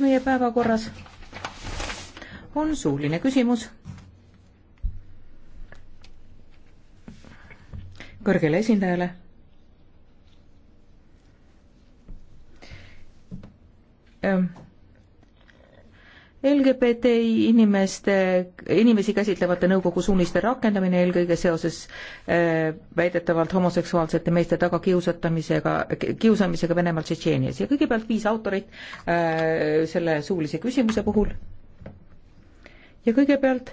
meie päevakorras on suuline küsimus kõrgele esindajale. Um... LGBTI inimeste, inimesi käsitlevate nõukogu suuniste rakendamine eelkõige seoses äh, väidetavalt homoseksuaalsete meeste tagakiusatamisega, kiusamisega Venemaal Tšetšeenias ja kõigepealt viis autorit äh, selle suulise küsimuse puhul. ja kõigepealt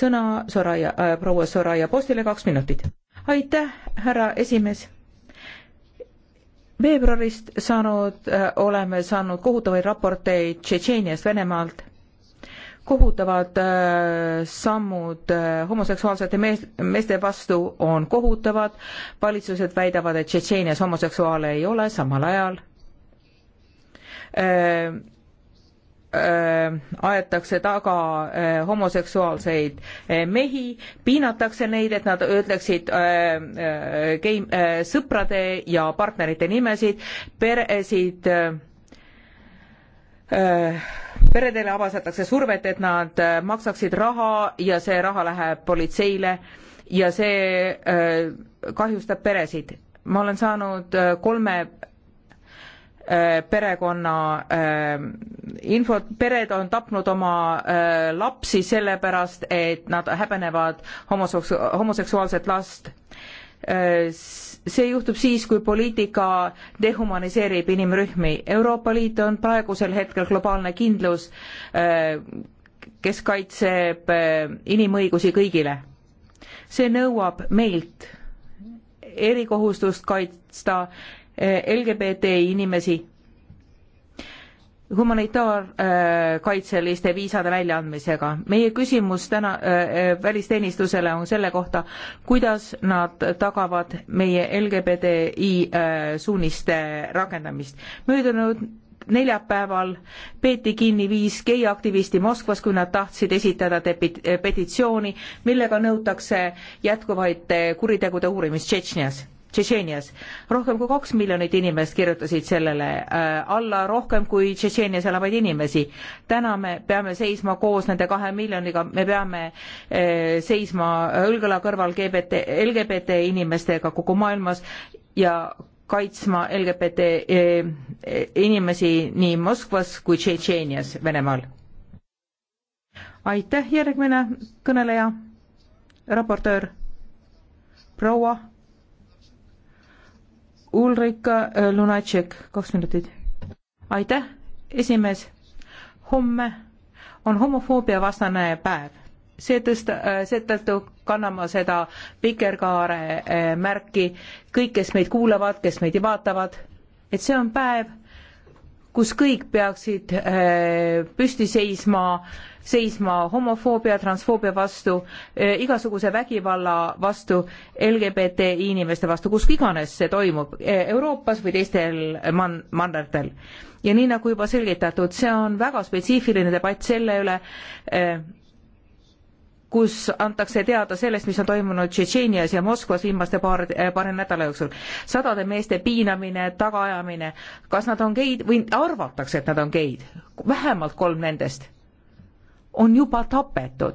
sõna Soraya äh,, proua Soraya Postile kaks minutit. aitäh, härra esimees veebruarist saanud, äh, oleme saanud kohutavaid raporteid Tšetšeeniast, Venemaalt, kohutavad äh, sammud äh, homoseksuaalsete mees, meeste vastu on kohutavad, valitsused väidavad, et Tšetšeenias homoseksuaale ei ole, samal ajal Äh, aetakse taga äh, homoseksuaalseid äh, mehi, piinatakse neid, et nad ütleksid gei-, sõprade ja partnerite nimesid, peresid peredele avaldatakse survet, et nad maksaksid raha ja see raha läheb politseile ja see kahjustab peresid. ma olen saanud kolme Äh, perekonna äh, infot, pered on tapnud oma äh, lapsi sellepärast, et nad häbenevad homoseks-, homoseksuaalset last. see juhtub siis, kui poliitika dehumaniseerib inimrühmi. Euroopa Liit on praegusel hetkel globaalne kindlus, kes kaitseb inimõigusi kõigile. see nõuab meilt erikohustust kaitsta LGBTI inimesi humanitaarkaitseliste viisade väljaandmisega. meie küsimus täna äh, äh, välisteenistusele on selle kohta, kuidas nad tagavad meie LGBTI äh, suuniste rakendamist. möödunud neljapäeval peeti kinni viis geiaktivisti Moskvas, kui nad tahtsid esitada petitsiooni, millega nõutakse jätkuvaid kuritegude uurimist Tšetšnias Tšetšeenias. rohkem kui kaks miljonit inimest kirjutasid sellele äh, alla, rohkem kui Tšetšeenias elavaid inimesi. täna me peame seisma koos nende kahe miljoniga, me peame äh, seisma õlgala kõrval LGBT, LGBT inimestega kogu maailmas ja kaitsma LGBT äh, inimesi nii Moskvas kui Tšetšeenias, Venemaal. aitäh, järgmine kõneleja, raportöör, proua Ulrika äh, Lunacek, kaks minutit. aitäh, esimees. homme on homofoobia vastane päev. Äh, seetõttu, seetõttu kanname seda Vikerkaare äh, märki kõik, kes meid kuulavad, kes meid vaatavad, et see on päev, kus kõik peaksid püsti seisma seisma homofoobia, transfoobia vastu, eh, igasuguse vägivalla vastu, LGBTI inimeste vastu, kus iganes see toimub, eh, Euroopas või teistel man-, mandritel. ja nii nagu juba selgitatud, see on väga spetsiifiline debatt selle üle, eh, kus antakse teada sellest, mis on toimunud Tšetšeenias ja Moskvas viimaste paar, paari nädala jooksul. sadade meeste piinamine, tagaajamine, kas nad on geid või arvatakse, et nad on geid, vähemalt kolm nendest on juba tapetud.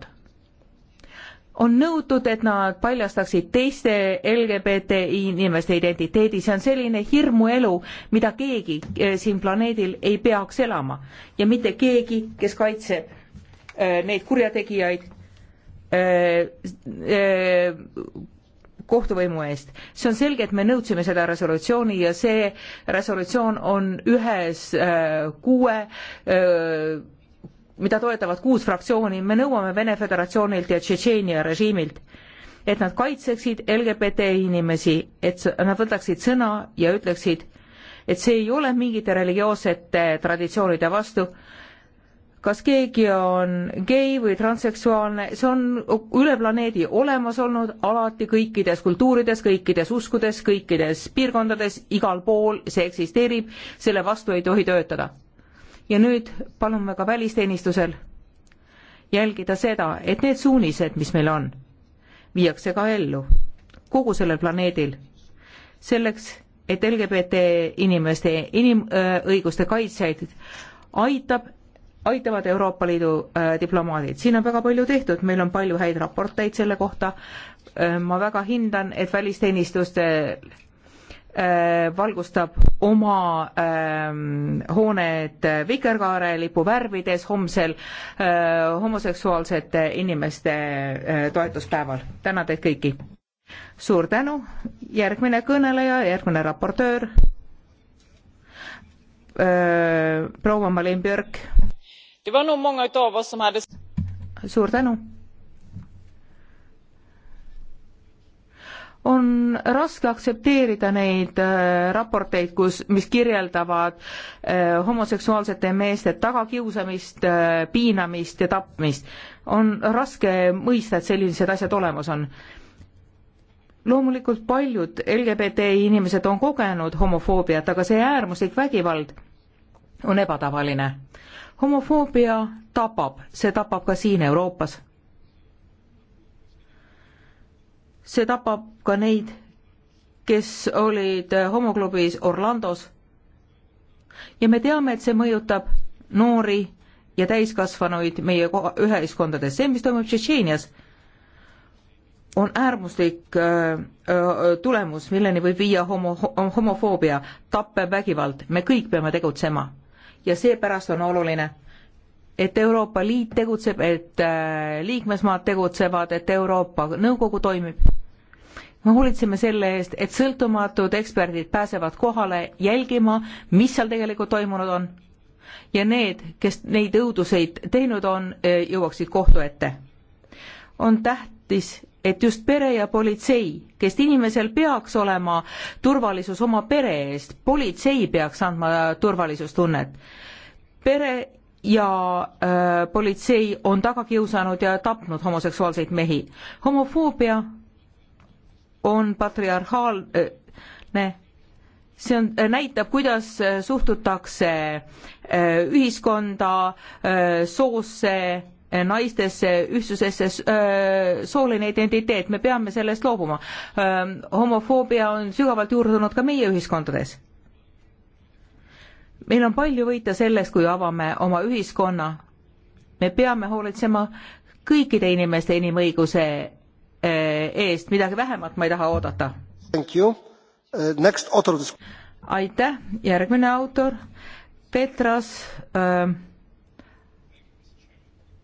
on nõutud, et nad paljastaksid teiste LGBTI inimeste identiteedi, see on selline hirmuelu, mida keegi eh, siin planeedil ei peaks elama ja mitte keegi, kes kaitseb eh, neid kurjategijaid eh, kohtuvõimu eest. see on selge, et me nõudsime seda resolutsiooni ja see resolutsioon on ühes kuue mida toetavad kuus fraktsiooni, me nõuame Vene Föderatsioonilt ja Tšetšeenia režiimilt, et nad kaitseksid LGBT inimesi, et nad võtaksid sõna ja ütleksid, et see ei ole mingite religioossete traditsioonide vastu, kas keegi on gei või transseksuaalne, see on üle planeedi olemas olnud alati kõikides kultuurides, kõikides uskudes, kõikides piirkondades, igal pool see eksisteerib, selle vastu ei tohi töötada ja nüüd palume ka välisteenistusel jälgida seda, et need suunised, mis meil on, viiakse ka ellu kogu sellel planeedil. selleks, et LGBT inimeste inimõiguste äh, kaitsjaid aitab, aitavad Euroopa Liidu äh, diplomaadid. siin on väga palju tehtud, meil on palju häid raporteid selle kohta äh,. ma väga hindan, et välisteenistuste äh, Äh, valgustab oma ähm, hooned vikerkaare lipu värvides homsel äh, homoseksuaalsete inimeste äh, toetuspäeval. tänan teid kõiki. suur tänu, järgmine kõneleja, järgmine raportöör äh,, proua Malin Björk. suur tänu on raske aktsepteerida neid äh, raporteid, kus, mis kirjeldavad äh, homoseksuaalsete meeste tagakiusamist, äh, piinamist ja tapmist. on raske mõista, et sellised asjad olemas on. loomulikult paljud LGBTI inimesed on kogenud homofoobiat, aga see äärmuslik vägivald on ebatavaline. homofoobia tapab, see tapab ka siin Euroopas see tapab ka neid, kes olid homoklubis Orlandos. ja me teame, et see mõjutab noori ja täiskasvanuid meie ühiskondades, see, mis toimub Tšetšeenias, on äärmuslik öö, äh, öö, äh, tulemus, milleni võib viia homo, homofoobia, tappev vägivald, me kõik peame tegutsema. ja seepärast on oluline, et Euroopa Liit tegutseb, et öö, äh, liikmesmaad tegutsevad, et Euroopa Nõukogu toimib me hoolitseme selle eest, et sõltumatud eksperdid pääsevad kohale jälgima, mis seal tegelikult toimunud on. ja need, kes neid õuduseid teinud on, eh, jõuaksid kohtu ette. on tähtis, et just pere ja politsei, kes inimesel peaks olema turvalisus oma pere eest, politsei peaks andma turvalisustunnet. pere ja öö, eh, politsei on taga kiusanud ja tapnud homoseksuaalseid mehi. homofoobia on patriarhaalne, see on, äh, näitab, kuidas äh, suhtutakse äh, ühiskonda, soosse, naistesse, ühtsusesse, sooline identiteet, me peame sellest loobuma. Ähm, homofoobia on sügavalt juurdunud ka meie ühiskondades. meil on palju võita sellest, kui avame oma ühiskonna. me peame hoolitsema kõikide inimeste inimõiguse eest, midagi vähemat ma ei taha oodata. Uh, aitäh, järgmine autor, Petras äh,,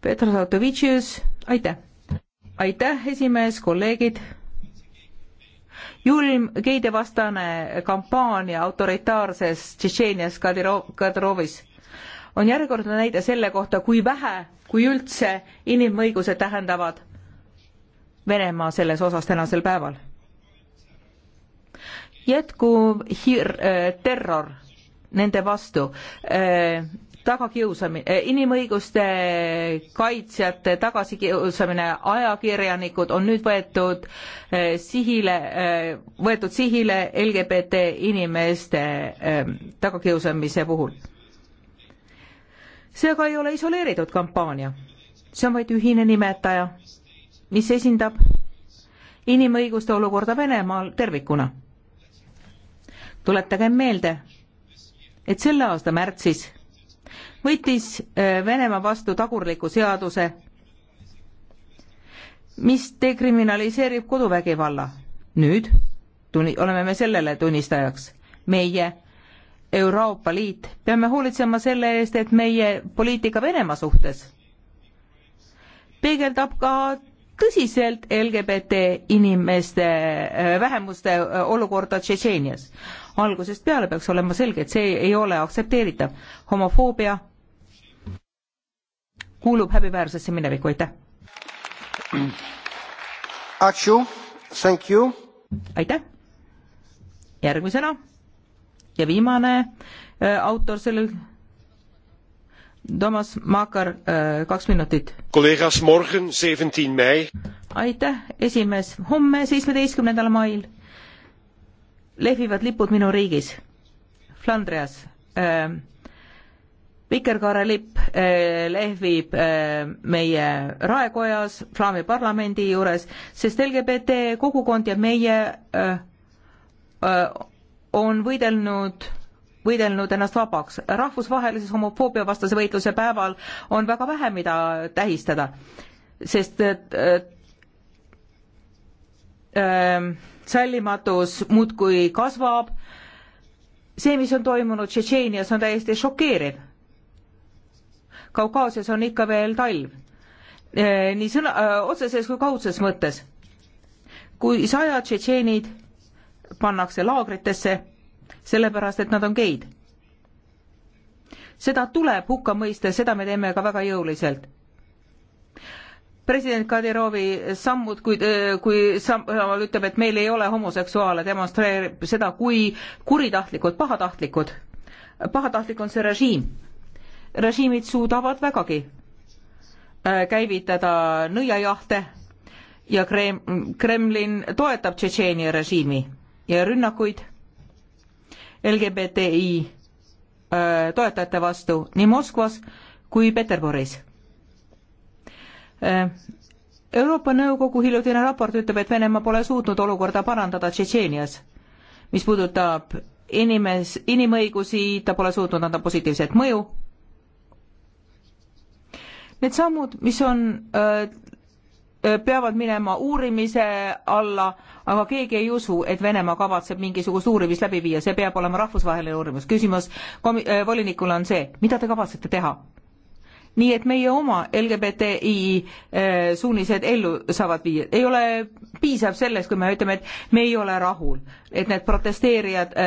Petras Autovitšius, aitäh. aitäh, esimees, kolleegid julm geidevastane kampaania autoritaarses Tšetšeenias Kadrovis on järjekordne näide selle kohta, kui vähe, kui üldse inimõigused tähendavad Venemaa selles osas tänasel päeval? jätkuv hir-, äh, terror nende vastu, äh, tagakiusamine, äh, inimõiguste kaitsjate tagasikiusamine, ajakirjanikud on nüüd võetud sihile, võetud sihile LGBT inimeste ähm, tagakiusamise puhul. see aga ei ole isoleeritud kampaania, see on vaid ühine nimetaja mis esindab inimõiguste olukorda Venemaal tervikuna. tuletagem meelde, et selle aasta märtsis võttis äh, Venemaa vastu tagurliku seaduse, mis dekriminaliseerib koduvägivalla. nüüd tuni-, oleme me sellele tunnistajaks. meie, Euroopa Liit, peame hoolitsema selle eest, et meie poliitika Venemaa suhtes peegeldab ka tõsiselt LGBT inimeste, äh, vähemuste äh, olukorda Tšetšeenias. algusest peale peaks olema selge, et see ei ole aktsepteeritav. homofoobia kuulub häbiväärsesse minevikku, aitäh. aitäh. järgmisena ja viimane äh, autor sellel Thomas Makar, äh, kaks minutit. kolleegas, morgen, seventeen mai. aitäh, esimees, homme, seitsmeteistkümnendal mail lehvivad lipud minu riigis, Flandrias ähm, äh, vikerkaarelipp lehvib äh, meie raekojas, Flaami parlamendi juures, sest LGBT kogukond ja meie äh, on võidelnud võidelnud ennast vabaks. rahvusvahelises homofoobiavastase võitluse päeval on väga vähe, mida tähistada, sest et, et, äh, sallimatus muudkui kasvab. see, mis on toimunud Tšetšeenias, on täiesti šokeeriv. Kaukaasias on ikka veel talv äh,, nii sõna äh,, otseses kui kaudses mõttes. kui sajad tšetšeenid pannakse laagritesse sellepärast et nad on geid. seda tuleb hukka mõista ja seda me teeme ka väga jõuliselt. president Kadirovi sammud, kui, kui Samal ütleb, et meil ei ole homoseksuaale, demonstreerib seda, kui kuritahtlikud, pahatahtlikud, pahatahtlik on see režiim. režiimid suudavad vägagi äh, käivitada nõiajahte ja Krem-, Kremlin toetab Tšetšeenia režiimi ja rünnakuid LGBTI äh, toetajate vastu nii Moskvas kui Peterburis. Äh, Euroopa Nõukogu hiljutine raport ütleb, et Venemaa pole suutnud olukorda parandada Tšetšeenias. mis puudutab inimes-, inimõigusi, ta pole suutnud anda positiivset mõju. Need sammud, mis on öö, äh, Äh, peavad minema uurimise alla, aga keegi ei usu, et Venemaa kavatseb mingisugust uurimist läbi viia, see peab olema rahvusvaheline uurimus. küsimus komi-, äh, volinikule on see, mida te kavatsete teha? nii et meie oma LGBTI äh, suunised ellu saavad viia, ei ole piisav sellest, kui me ütleme, et me ei ole rahul, et need protesteerijad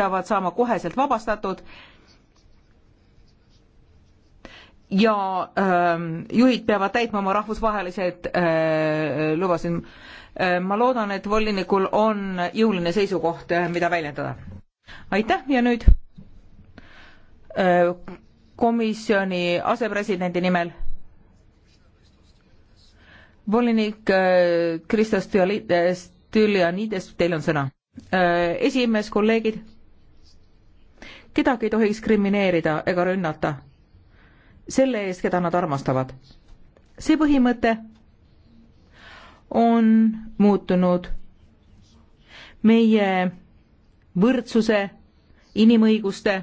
peavad saama koheselt vabastatud ja äh, juhid peavad täitma oma rahvusvahelised äh, lubasid äh,. ma loodan, et volinikul on jõuline seisukoht, äh, mida väljendada. aitäh ja nüüd äh, komisjoni asepresidendi nimel volinik äh, Kristos Stylianides, teil on sõna äh,. esimees, kolleegid, kedagi ei tohiks krimineerida ega rünnata selle eest, keda nad armastavad. see põhimõte on muutunud meie võrdsuse, inimõiguste,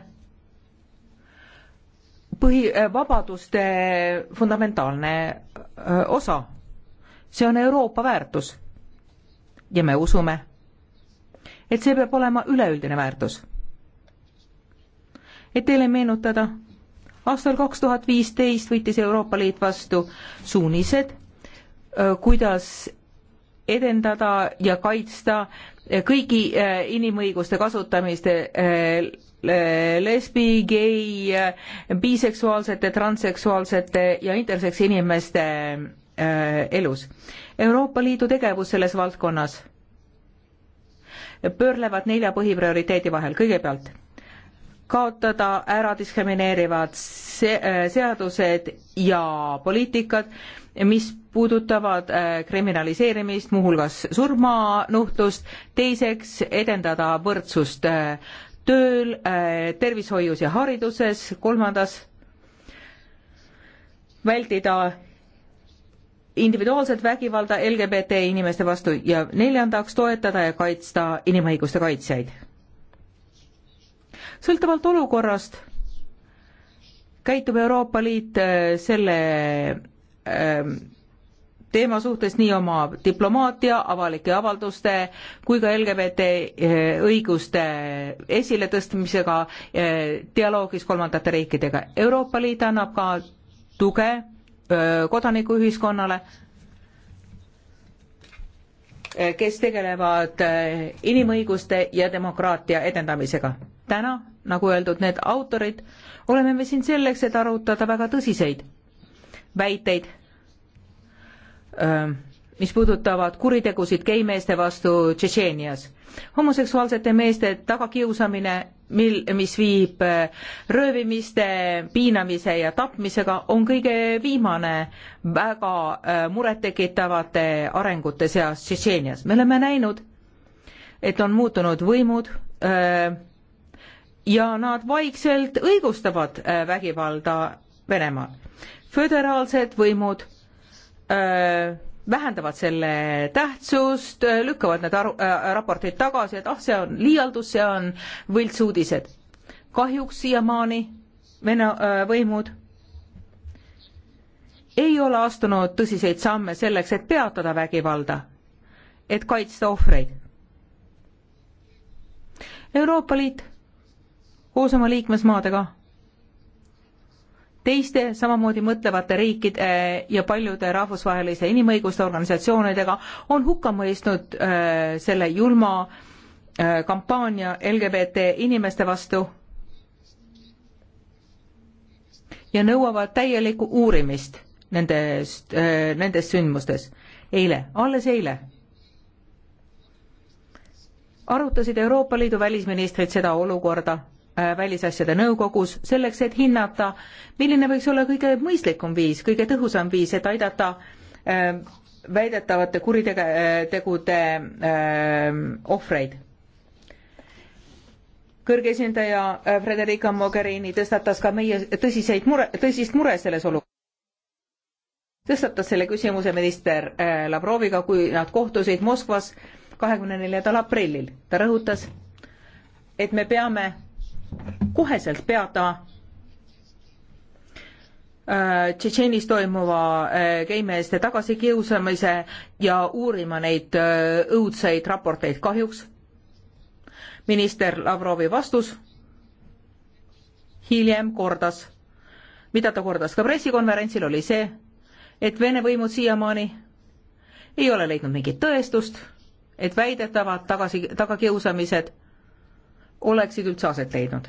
põhi, äh, vabaduste fundamentaalne äh, osa. see on Euroopa väärtus. ja me usume, et see peab olema üleüldine väärtus. et teile meenutada aastal kaks tuhat viisteist võttis Euroopa Liit vastu suunised, äh, kuidas edendada ja kaitsta äh, kõigi äh, inimõiguste kasutamist lesbi, gei, biseksuaalsete, transseksuaalsete ja interseks inimeste elus. Euroopa Liidu tegevus selles valdkonnas pöörlevad nelja põhiprioriteedi vahel. kõigepealt kaotada ära diskrimineerivad se äh, seadused ja poliitikad, mis puudutavad äh, kriminaliseerimist, muuhulgas surmanuhtlust, teiseks edendada võrdsust äh, tööl, tervishoius ja hariduses, kolmandas vältida individuaalset vägivalda LGBT inimeste vastu ja neljandaks toetada ja kaitsta inimõiguste kaitsjaid sõltuvalt olukorrast käitub Euroopa Liit äh, selle ähm, teema suhtes nii oma diplomaatia, avalike avalduste kui ka LGBT äh, õiguste esiletõstmisega äh, dialoogis kolmandate riikidega. Euroopa Liit annab ka tuge kodanikuühiskonnale, kes tegelevad inimõiguste ja demokraatia edendamisega täna, nagu öeldud, need autorid, oleme me siin selleks, et arutada väga tõsiseid väiteid, mis puudutavad kuritegusid geimeeste vastu Tšetšeenias. homoseksuaalsete meeste tagakiusamine, mil, mis viib röövimiste, piinamise ja tapmisega, on kõige viimane väga murettekitavate arengute seas Tšetšeenias. me oleme näinud, et on muutunud võimud öö, ja nad vaikselt õigustavad äh, vägivalda Venemaal. föderaalsed võimud öö, äh, vähendavad selle tähtsust, äh, lükkavad need aru, äh, raportid tagasi, et ah, see on liialdus, see on võltsuudised. kahjuks siiamaani Vene äh, võimud ei ole astunud tõsiseid samme selleks, et peatada vägivalda, et kaitsta ohvreid. Euroopa Liit koos oma liikmesmaadega, teiste samamoodi mõtlevate riikide eh, ja paljude rahvusvaheliste inimõiguste organisatsioonidega on hukka mõistnud eh, selle julma eh, kampaania LGBT inimeste vastu ja nõuavad täielikku uurimist nendest, nendes sündmustes. eile, alles eile arutasid Euroopa Liidu välisministrid seda olukorda Äh, välisasjade nõukogus, selleks et hinnata, milline võiks olla kõige mõistlikum viis, kõige tõhusam viis, et aidata äh, väidetavate kuritegude äh, ohvreid. kõrge esindaja Frederica Mogherini tõstatas ka meie tõsiseid mure, tõsist mure selles olukorras tõstatas selle küsimuse minister Lavroviga, kui nad kohtusid Moskvas kahekümne neljandal aprillil. ta rõhutas, et me peame koheselt peada äh, Tšetšeenis toimuva geimeeste äh, tagasikiusamise ja uurima neid äh, õudseid raporteid kahjuks. minister Lavrovi vastus hiljem kordas, mida ta kordas ka pressikonverentsil, oli see, et Vene võimud siiamaani ei ole leidnud mingit tõestust, et väidetavad tagasi, tagakiusamised oleksid üldse aset leidnud.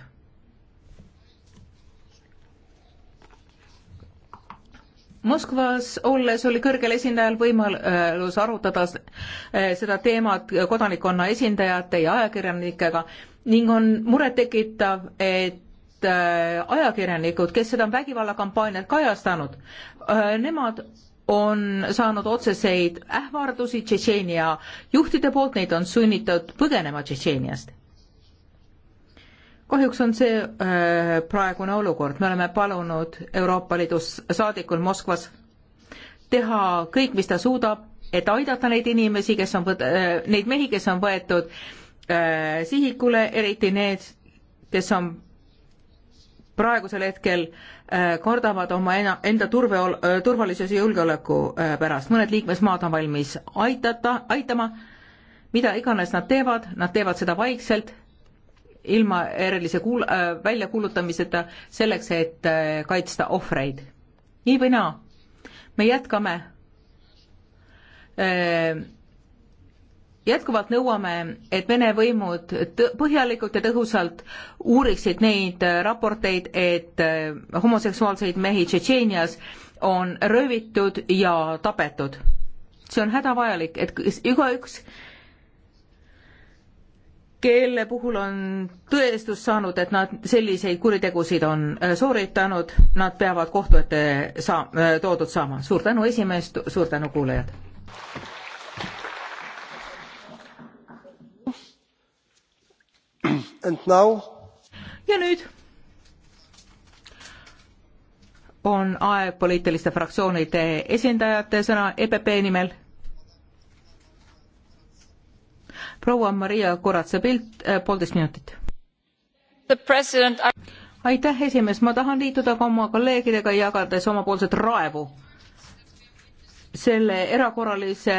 Moskvas olles oli kõrgel esindajal võimalus arutada eh, seda teemat kodanikkonna esindajate ja ajakirjanikega ning on murettekitav, et eh, ajakirjanikud, kes seda vägivallakampaaniat kajastanud, eh, nemad on saanud otseseid ähvardusi Tšetšeenia juhtide poolt, neid on sunnitud põgenema Tšetšeeniast kahjuks on see äh, praegune olukord, me oleme palunud Euroopa Liidu saadikul Moskvas teha kõik, mis ta suudab, et aidata neid inimesi, kes on, äh, neid mehi, kes on võetud äh, sihikule, eriti need, kes on praegusel hetkel äh, kardavad oma ena, enda turve, äh, turvalisuse ja julgeoleku äh, pärast. mõned liikmesmaad on valmis aitata, aitama, mida iganes nad teevad, nad teevad seda vaikselt ilma erilise kuul-, äh, väljakuulutamiseta, selleks et äh, kaitsta ohvreid. nii või naa, me jätkame, äh, jätkuvalt nõuame, et Vene võimud põhjalikult ja tõhusalt uuriksid neid raporteid, et homoseksuaalseid mehi Tšetšeenias on röövitud ja tapetud. see on hädavajalik, et igaüks, kelle puhul on tõestus saanud, et nad selliseid kuritegusid on äh, sooritanud, nad peavad kohtu ette saa-, äh, toodud saama. suur tänu, esimees, suur tänu, kuulajad! ja nüüd on aeg poliitiliste fraktsioonide esindajate sõna EPP nimel proua Maria Koratsa-Pilt, äh, poolteist minutit. aitäh, esimees, ma tahan liituda ka oma kolleegidega, jagades omapoolset raevu selle erakorralise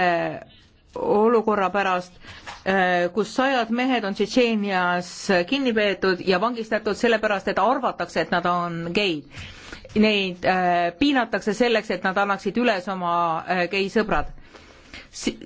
olukorra pärast, äh, kus sajad mehed on Tšetšeenias kinni peetud ja vangistatud sellepärast, et arvatakse, et nad on geid. Neid äh, piinatakse selleks, et nad annaksid üles oma geisõbrad si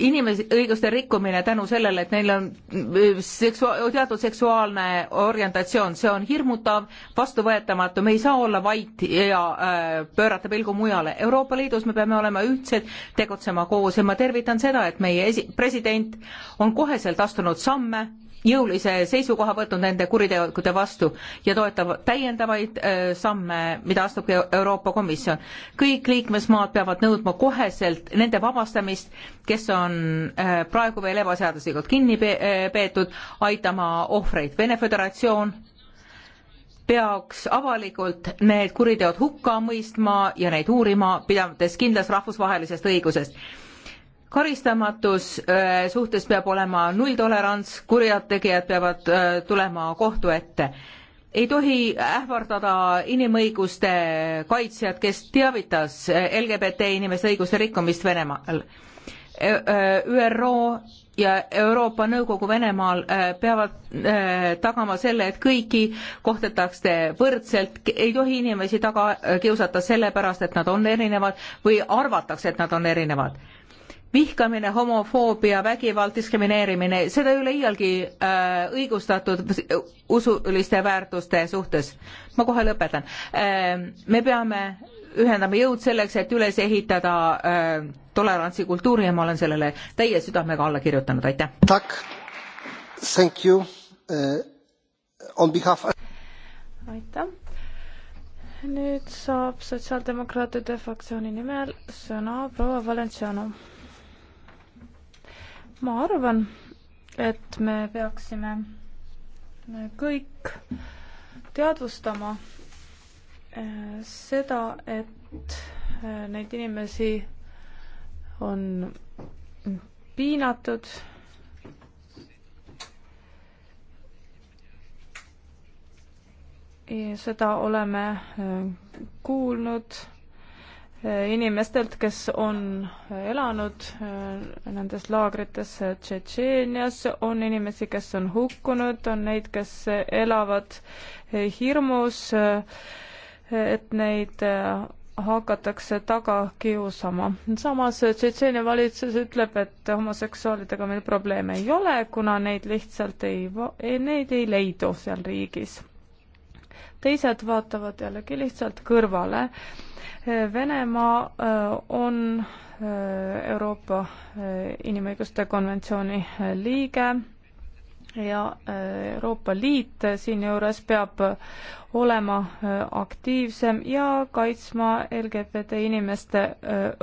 inimõiguste rikkumine tänu sellele, et neil on äh, seksua-, teatud seksuaalne orientatsioon, see on hirmutav, vastuvõetamatu, me ei saa olla vait ja äh, pöörata pilgu mujale. Euroopa Liidus me peame olema ühtsed, tegutsema koos ja ma tervitan seda, et meie esi-, president on koheselt astunud samme jõulise seisukoha võtnud nende kuritegude vastu ja toetab täiendavaid äh, samme, mida astub ka Euroopa Komisjon. kõik liikmesmaad peavad nõudma koheselt nende vabastamist, kes on äh, praegu veel ebaseaduslikult kinni äh, peetud, aitama ohvreid. Vene Föderatsioon peaks avalikult need kuriteod hukka mõistma ja neid uurima, pidades kindlas rahvusvahelisest õigusest karistamatus äh, suhtes peab olema nulltolerants, kurjategijad peavad äh, tulema kohtu ette. ei tohi ähvardada inimõiguste kaitsjat, kes teavitas äh, LGBT inimeste õiguste rikkumist Venemaal. ÜRO ja Euroopa Nõukogu Venemaal peavad tagama selle, et kõiki kohtetakse võrdselt, ei tohi inimesi taga kiusata sellepärast, et nad on erinevad või arvatakse, et nad on erinevad vihkamine, homofoobia, vägivald, diskrimineerimine, seda ei ole iialgi äh, õigustatud usuliste väärtuste suhtes. ma kohe lõpetan äh,. me peame ühendama jõud selleks, et üles ehitada äh, tolerantsi kultuuri ja ma olen sellele täie südamega alla kirjutanud, aitäh. Thank you uh, on behalf of... aitäh. nüüd saab sotsiaaldemokraatide fraktsiooni nimel sõna proua Valenciano ma arvan, et me peaksime kõik teadvustama eh, seda, et eh, neid inimesi on piinatud seda oleme eh, kuulnud inimestelt, kes on elanud äh, nendes laagrites Tšetšeenias, on inimesi, kes on hukkunud, on neid, kes elavad hirmus, äh, et neid äh, hakatakse taga kiusama. samas Tšetšeenia valitsus ütleb, et homoseksuaalidega meil probleeme ei ole, kuna neid lihtsalt ei, ei, neid ei leidu seal riigis teised vaatavad jällegi lihtsalt kõrvale. Venemaa äh, on äh, Euroopa äh, Inimõiguste Konventsiooni liige ja Euroopa Liit siinjuures peab olema aktiivsem ja kaitsma LGBT inimeste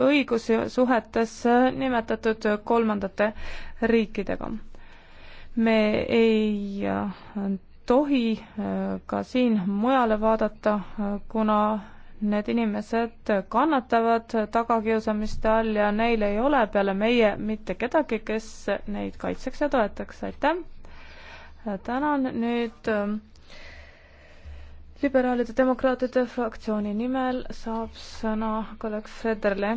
õigusi suhetes nimetatud kolmandate riikidega. me ei tohi äh, ka siin mujale vaadata, äh, kuna need inimesed kannatavad tagakiusamiste all ja neil ei ole peale meie mitte kedagi, kes neid kaitseks ja toetaks, aitäh! Äh, tänan nüüd ähm, liberaalide demokraatide fraktsiooni nimel saab sõna kolleeg Federle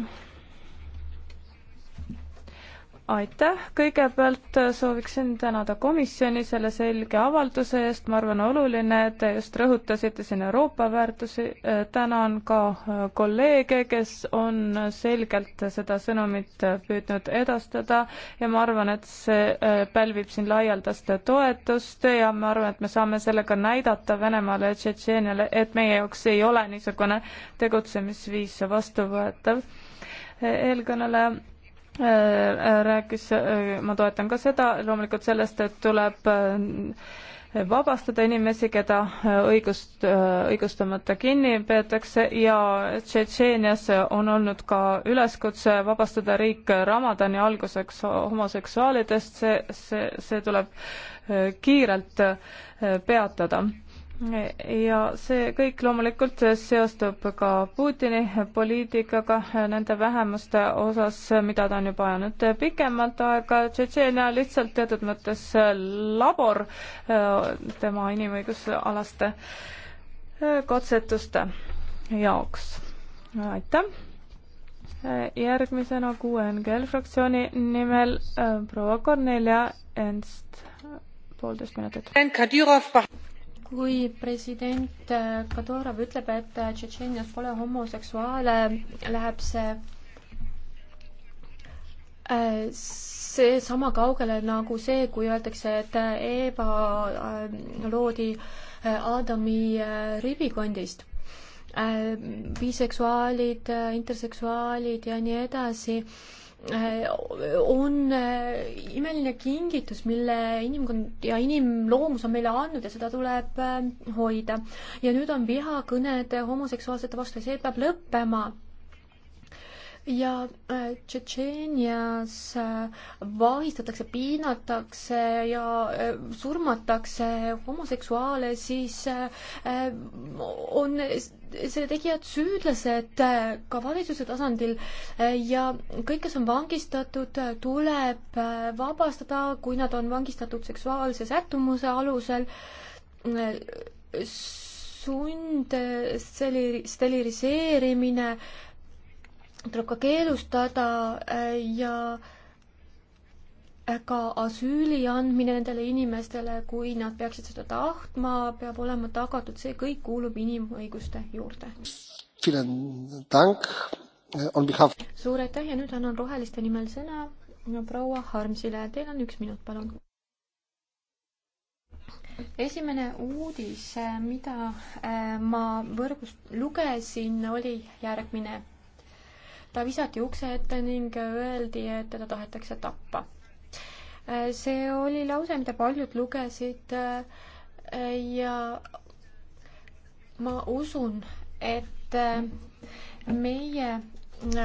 aitäh, kõigepealt äh, sooviksin tänada komisjoni selle selge avalduse eest, ma arvan oluline, et te just rõhutasite siin Euroopa väärtusi, äh, tänan ka äh, kolleege, kes on selgelt seda sõnumit püüdnud edastada ja ma arvan, et see pälvib siin laialdast toetust ja ma arvan, et me saame sellega näidata Venemaale ja Tšetšeeniale, et meie jaoks ei ole niisugune tegutsemisviis vastuvõetav. eelkõneleja Äh, äh, rääkis, äh, ma toetan ka seda, loomulikult sellest, et tuleb vabastada inimesi, keda õigust, õigustamata kinni peetakse ja Tšetšeenias on olnud ka üleskutse vabastada riik Ramadani alguseks homoseksuaalidest, see, see, see tuleb kiirelt peatada ja see kõik loomulikult seostub ka Putini poliitikaga nende vähemuste osas, mida ta on juba ajanud pikemat aega. Tšetšeenia lihtsalt teatud mõttes labor äh, tema inimõigusalaste äh, katsetuste jaoks. aitäh! Äh, järgmisena QNGL fraktsiooni nimel proua Kornelia Enst, poolteist minutit kui president Kadorov ütleb, et Tšetšeenias pole homoseksuaale, läheb see see sama kaugele nagu see, kui öeldakse, et Eeva äh, loodi äh, Aadami äh, ribikondist. biseksuaalid, interseksuaalid ja nii edasi Äh, on äh, imeline kingitus, mille inimkond ja inimloomus on meile andnud ja seda tuleb äh, hoida. ja nüüd on vihakõned homoseksuaalsete vastu ja see peab lõppema ja äh, Tšetšeenias äh, vahistatakse, piinatakse ja äh, surmatakse homoseksuaale, siis on selle tegijad süüdlased ka valitsuse tasandil ja kõik, kes on vangistatud, tuleb vabastada, kui nad on vangistatud seksuaalse sättumuse alusel sund, steriliseerimine tuleb ka keelustada äh, ja äh, ka asüüli andmine nendele inimestele, kui nad peaksid seda tahtma, peab olema tagatud, see kõik kuulub inimõiguste juurde. Äh, suur aitäh ja nüüd annan Roheliste nimel sõna proua Harmsile, teil on üks minut, palun esimene uudis, mida ma võrgust lugesin, oli järgmine ta visati ukse ette ning öeldi, et teda tahetakse tappa. see oli lause, mida paljud lugesid ja ma usun, et meie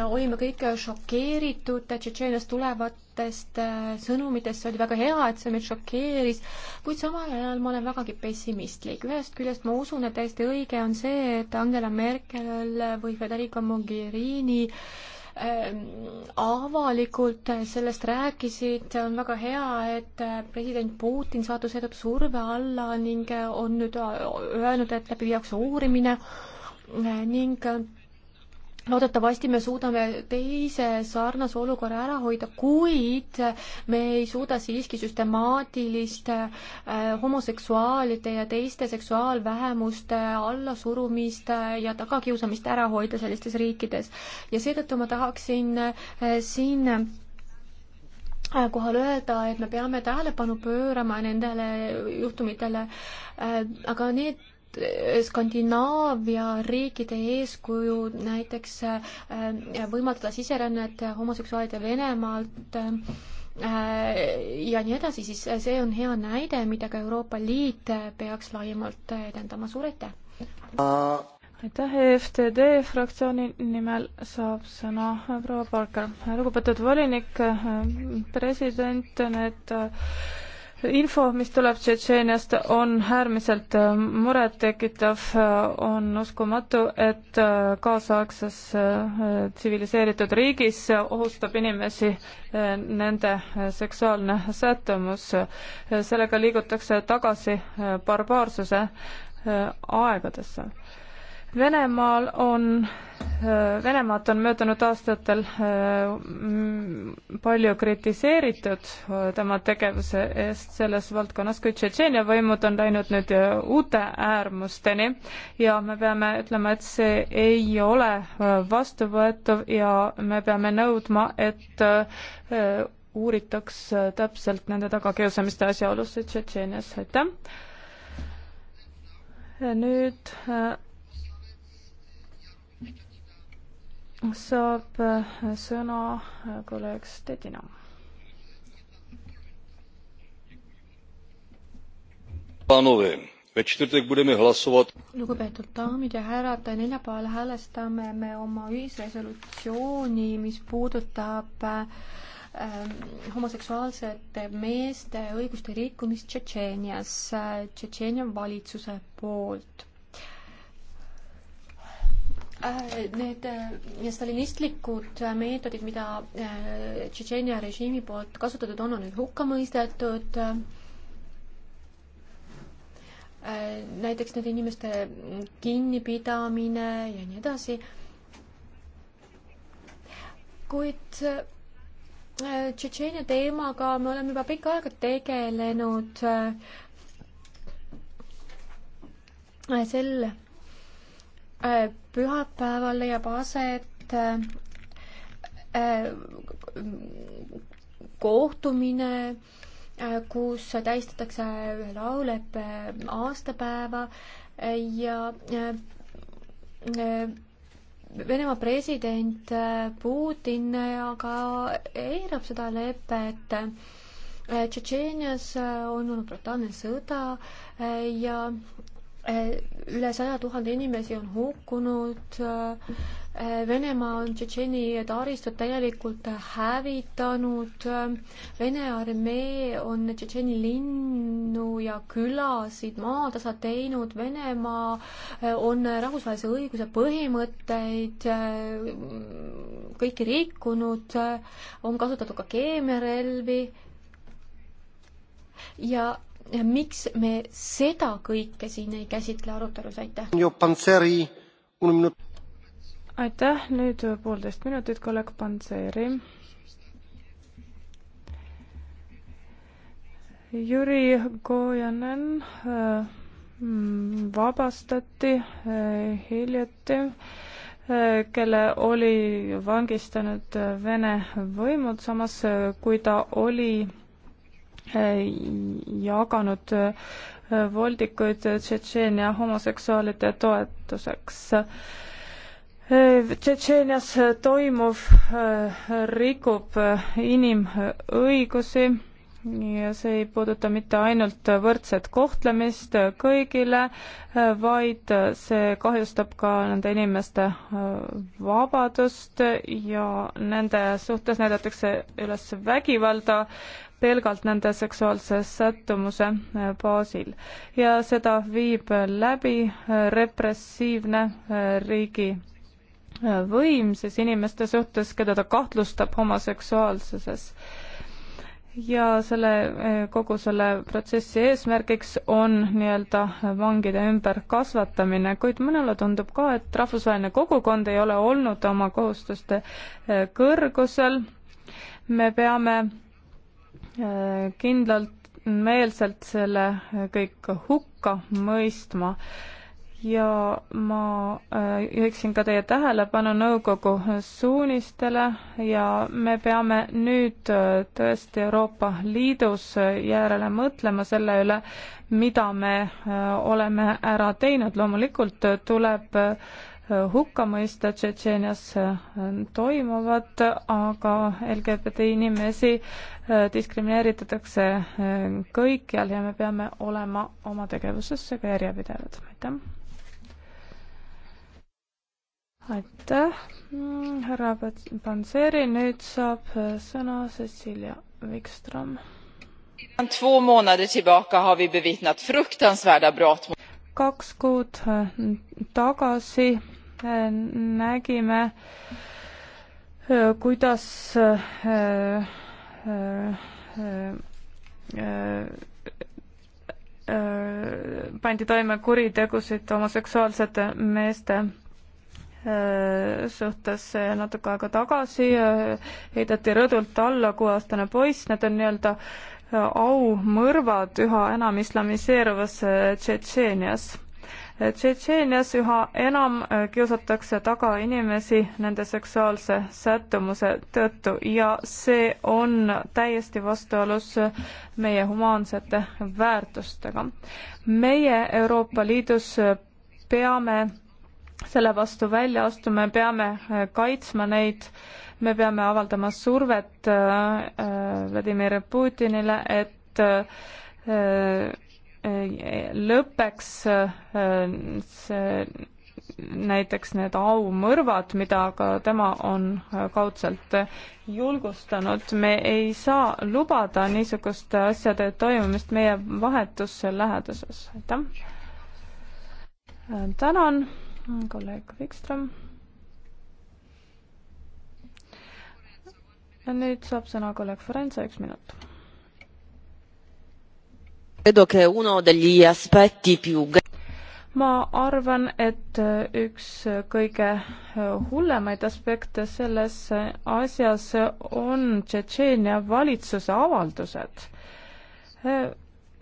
olime kõik šokeeritud Tšetšeeniast tulevatest äh, sõnumitest, see oli väga hea, et see meid šokeeris, kuid samal ajal ma olen vägagi pessimistlik. ühest küljest ma usun, et täiesti õige on see, et Angela Merkel või Federica Mogherini ähm, avalikult sellest rääkisid, on väga hea, et äh, president Putin sattus seetõttu surve alla ning äh, on nüüd öelnud, et läbi viiakse uurimine ning loodetavasti me suudame teise sarnase olukorra ära hoida, kuid me ei suuda siiski süstemaatilist äh, homoseksuaalide ja teiste seksuaalvähemuste allasurumist äh, ja tagakiusamist ära hoida sellistes riikides. ja seetõttu ma tahaksin äh, siin äh, kohal öelda, et me peame tähelepanu pöörama nendele juhtumitele, äh, aga need Skandinaavia riikide eeskuju näiteks äh, võimaldada siserännet homoseksuaalide Venemaalt äh, ja nii edasi, siis see on hea näide, mida ka Euroopa Liit peaks laiemalt edendama. suur aitäh! aitäh, EFTD fraktsiooni nimel saab sõna proua Parker. lugupeetud volinik, äh, president, need info, mis tuleb Tšetšeeniast, on äärmiselt äh, murettekitav, äh, on uskumatu, et äh, kaasaegses tsiviliseeritud riigis ohustab inimesi nende seksuaalne sättumus. sellega liigutakse tagasi barbaarsuse aegadesse Venemaal on, äh, Venemaad on möödunud aastatel äh, palju kritiseeritud äh, tema tegevuse eest selles valdkonnas, kuid Tšetšeenia võimud on läinud nüüd uute äärmusteni ja me peame ütlema, et see ei ole vastuvõetav ja me peame nõudma, et uuritaks täpselt nende tagakiusamiste asjaolusid Tšetšeenias, aitäh! nüüd saab äh, sõna äh, kolleeg Stedina. lugupeetud daamid ja härrad, neljapäeval häälestame me oma ühisresolutsiooni, mis puudutab äh, homoseksuaalsete meeste õiguste rikkumist Tšetšeenias, Tšetšeenia valitsuse poolt Äh, äh, need stalinistlikud äh, meetodid, mida Tšetšeenia režiimi poolt kasutatud on, on nüüd hukka mõistetud. näiteks nende inimeste kinnipidamine ja nii edasi. kuid Tšetšeenia teemaga me oleme juba pikka aega tegelenud sel Äh, pühapäeval leiab aset äh, äh, kohtumine, kus tähistatakse ühe lauleppe aastapäeva ja Venemaa president Putin aga eirab seda lepet. Tšetšeenias on olnud brutaalne sõda ja Eh, üle saja tuhande inimesi on hukkunud, eh, Venemaa on Tšetšeeni taristut täielikult hävitanud, Vene armee on Tšetšeeni linnu ja külasid maatasa teinud, Venemaa eh, on rahvusvahelise õiguse põhimõtteid kõiki rikkunud, on kasutatud ka keemiarelvi ja miks me seda kõike siin ei käsitle arutelus, aitäh! aitäh, nüüd poolteist minutit kolleeg Panseri. Jüri Kojanen äh, vabastati äh, hiljuti, äh, kelle oli vangistanud Vene võimud, samas kui ta oli Äh, jaganud äh, voldikuid Tšetšeenia homoseksuaalide toetuseks. Äh, Tšetšeenias toimuv rikub inimõigusi ja see ei puuduta mitte ainult võrdset kohtlemist kõigile, vaid see kahjustab ka nende inimeste vabadust ja nende suhtes näidatakse üles vägivalda pelgalt nende seksuaalse sättumuse äh, baasil ja seda viib läbi äh, repressiivne äh, riigi võim siis inimeste suhtes, keda ta kahtlustab homoseksuaalsuses. ja selle, kogu selle protsessi eesmärgiks on nii-öelda vangide ümberkasvatamine, kuid mõnele tundub ka, et rahvusvaheline kogukond ei ole olnud oma kohustuste kõrgusel. me peame kindlalt meelselt selle kõik hukka mõistma ja ma äh, juhiksin ka teie tähelepanu nõukogu suunistele ja me peame nüüd äh, tõesti Euroopa Liidus äh, järele mõtlema selle üle, mida me oleme ära teinud. loomulikult tuleb hukka mõista Tšetšeenias äh, toimuvat, aga LGBT inimesi äh, diskrimineeritatakse äh, kõikjal ja me peame olema oma tegevuses seega järjepidevad. aitäh! aitäh, mm, härra Panseri, nüüd saab sõna Cecilia Wikström. Två månader tillbaka har vi bevittnat fruktansvärda brott kaks kuud tagasi nägime, äh, kuidas äh, äh, pandi toime kuritegusid homoseksuaalsete meeste suhtes natuke aega tagasi, heideti rõdult alla kuueaastane poiss, need on nii-öelda aumõrvad üha enam islamiseeruvas Tšetšeenias Tšetšeenias üha enam äh, kiusatakse taga inimesi nende seksuaalse sättumuse tõttu ja see on täiesti vastuolus äh, meie humaansete väärtustega. meie Euroopa Liidus äh, peame selle vastu välja astuma ja peame kaitsma neid, me peame avaldama survet Vladimir Putinile, et lõpeks äh, see näiteks need aumõrvad, mida ka tema on äh, kaudselt äh, julgustanud. me ei saa lubada niisugust asjade toimumist meie vahetusse läheduses. aitäh! tänan, kolleeg Vikström. nüüd saab sõna kolleeg Forenza, üks minut ma arvan, et äh, üks kõige äh, hullemaid aspekte selles äh, asjas on Tšetšeenia valitsuse avaldused,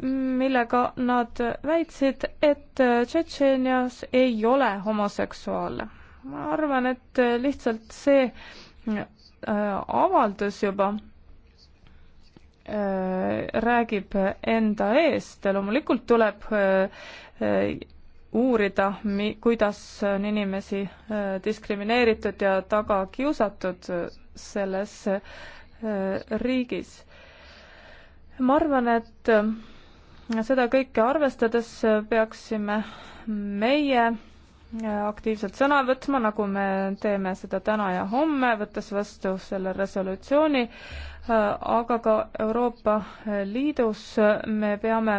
millega nad väitsid, et Tšetšeenias ei ole homoseksuaale. ma arvan, et lihtsalt see avaldus juba Äh, räägib enda eest, loomulikult tuleb äh, uurida, mi-, kuidas on inimesi äh, diskrimineeritud ja taga kiusatud selles riigis. ma arvan, et seda kõike arvestades peaksime meie aktiivselt sõna võtma, nagu me teeme seda täna ja homme, võttes vastu selle resolutsiooni, Äh, aga ka Euroopa Liidus me peame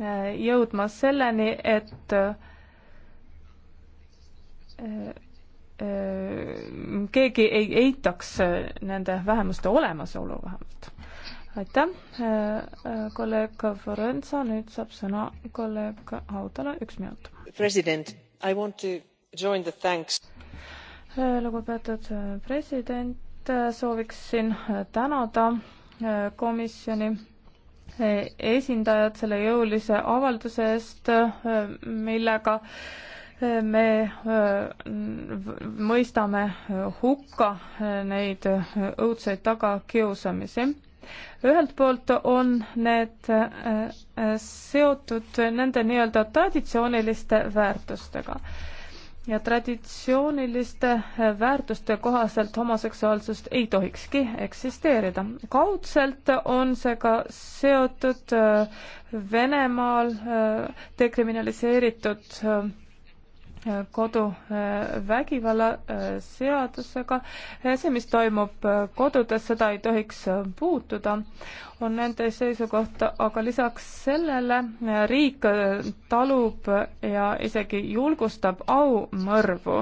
äh, jõudma selleni, et äh, keegi ei eitaks nende vähemuste olemasolu vähemalt. aitäh, kolleeg Forenza, nüüd saab sõna kolleeg Haudala, üks minut. president, I want to join the thanks. lugupeetud president, kõigepealt äh, sooviksin äh, tänada äh, komisjoni esindajad selle jõulise avalduse eest, millega me mõistame hukka neid õudseid tagakiusamisi ühelt poolt on need seotud nende nii-öelda traditsiooniliste väärtustega ja traditsiooniliste eh, väärtuste kohaselt homoseksuaalsust ei tohikski eksisteerida. kaudselt on see ka seotud eh, Venemaal eh, dekriminaliseeritud koduvägivalla äh, äh, seadusega. see, mis toimub äh, kodudes, seda ei tohiks puutuda, on nende seisukoht, aga lisaks sellele riik talub ja isegi julgustab aumõrvu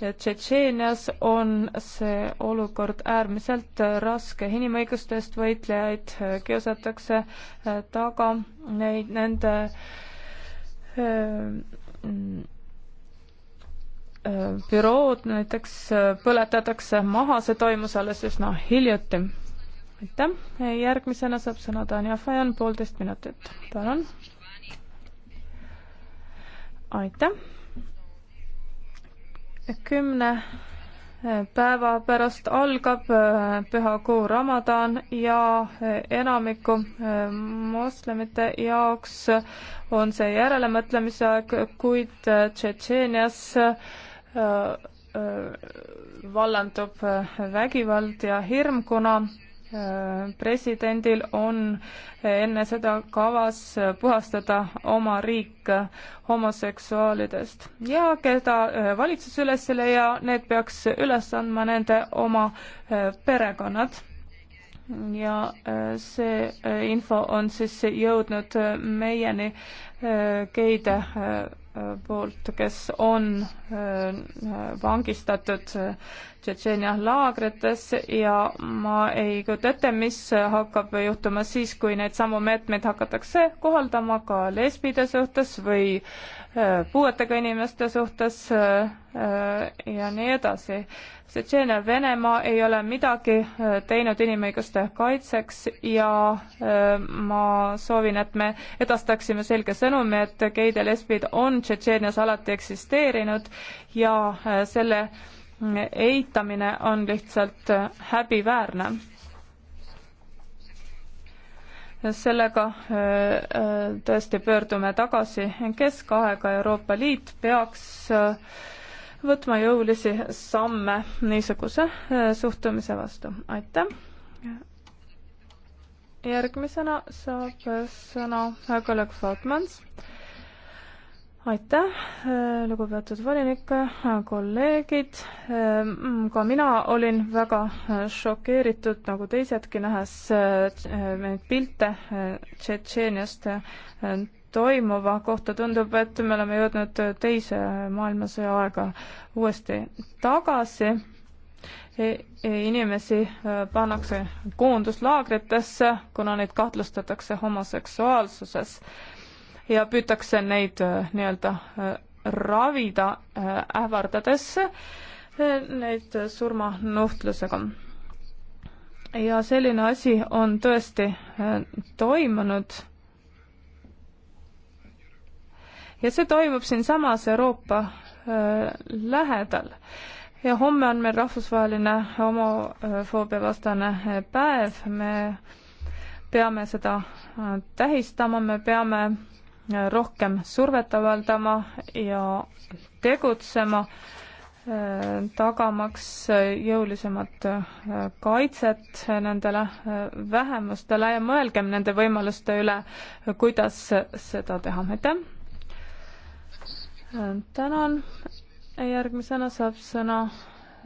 ja Tšetšeenias on see olukord äärmiselt raske, inimõiguste eest võitlejaid kiusatakse taga, neid, nende öö, mm, bürood näiteks äh, põletatakse maha, see toimus alles üsna hiljuti. aitäh, järgmisena saab sõna Tanja Fajon, poolteist minutit, palun. aitäh. kümne äh, päeva pärast algab äh, pühakuu Ramadan ja enamiku moslemite jaoks on see järelemõtlemise aeg, kuid Tšetšeenias vallandub vägivald ja hirm, kuna presidendil on enne seda kavas puhastada oma riik homoseksuaalidest ja keda valitsus üles ei leia, need peaks üles andma nende oma perekonnad. ja see info on siis jõudnud meieni äh, geide äh, poolt, kes on äh, vangistatud äh, Tšetšeenia laagrites ja ma ei kujuta ette, mis hakkab juhtuma siis, kui neid samu meetmeid hakatakse kohaldama ka lesbide suhtes või puuetega inimeste suhtes ja nii edasi. Tšetšeenia Venemaa ei ole midagi teinud inimõiguste kaitseks ja ma soovin, et me edastaksime selge sõnumi, sõnumi, et geid ja lesbid on Tšetšeenias alati eksisteerinud ja äh, selle mm, eitamine on lihtsalt äh, häbiväärne sellega äh, tõesti pöördume tagasi keskaega, Euroopa Liit peaks võtma jõulisi samme niisuguse suhtumise vastu, aitäh! järgmisena saab sõna kolleeg Fautmans. aitäh, lugupeetud volinik, kolleegid. ka mina olin väga šokeeritud, nagu teisedki, nähes neid eh, pilte eh, Tšetšeeniast eh, toimuva kohta tundub, et me oleme jõudnud teise maailmasõja aega uuesti tagasi E, e, inimesi e, pannakse koonduslaagritesse, kuna neid kahtlustatakse homoseksuaalsuses ja püütakse neid nii-öelda ravida, ähvardades neid surmanuhtlusega. ja selline asi on tõesti toimunud. ja see toimub siinsamas Euroopa lähedal ja homme on meil rahvusvaheline homofoobia vastane päev, me peame seda äh, tähistama, me peame äh, rohkem survet avaldama ja tegutsema, äh, tagamaks jõulisemat kaitset nendele vähemustele ja mõelgem nende võimaluste üle, kuidas seda teha, aitäh! tänan järgmisena saab sõna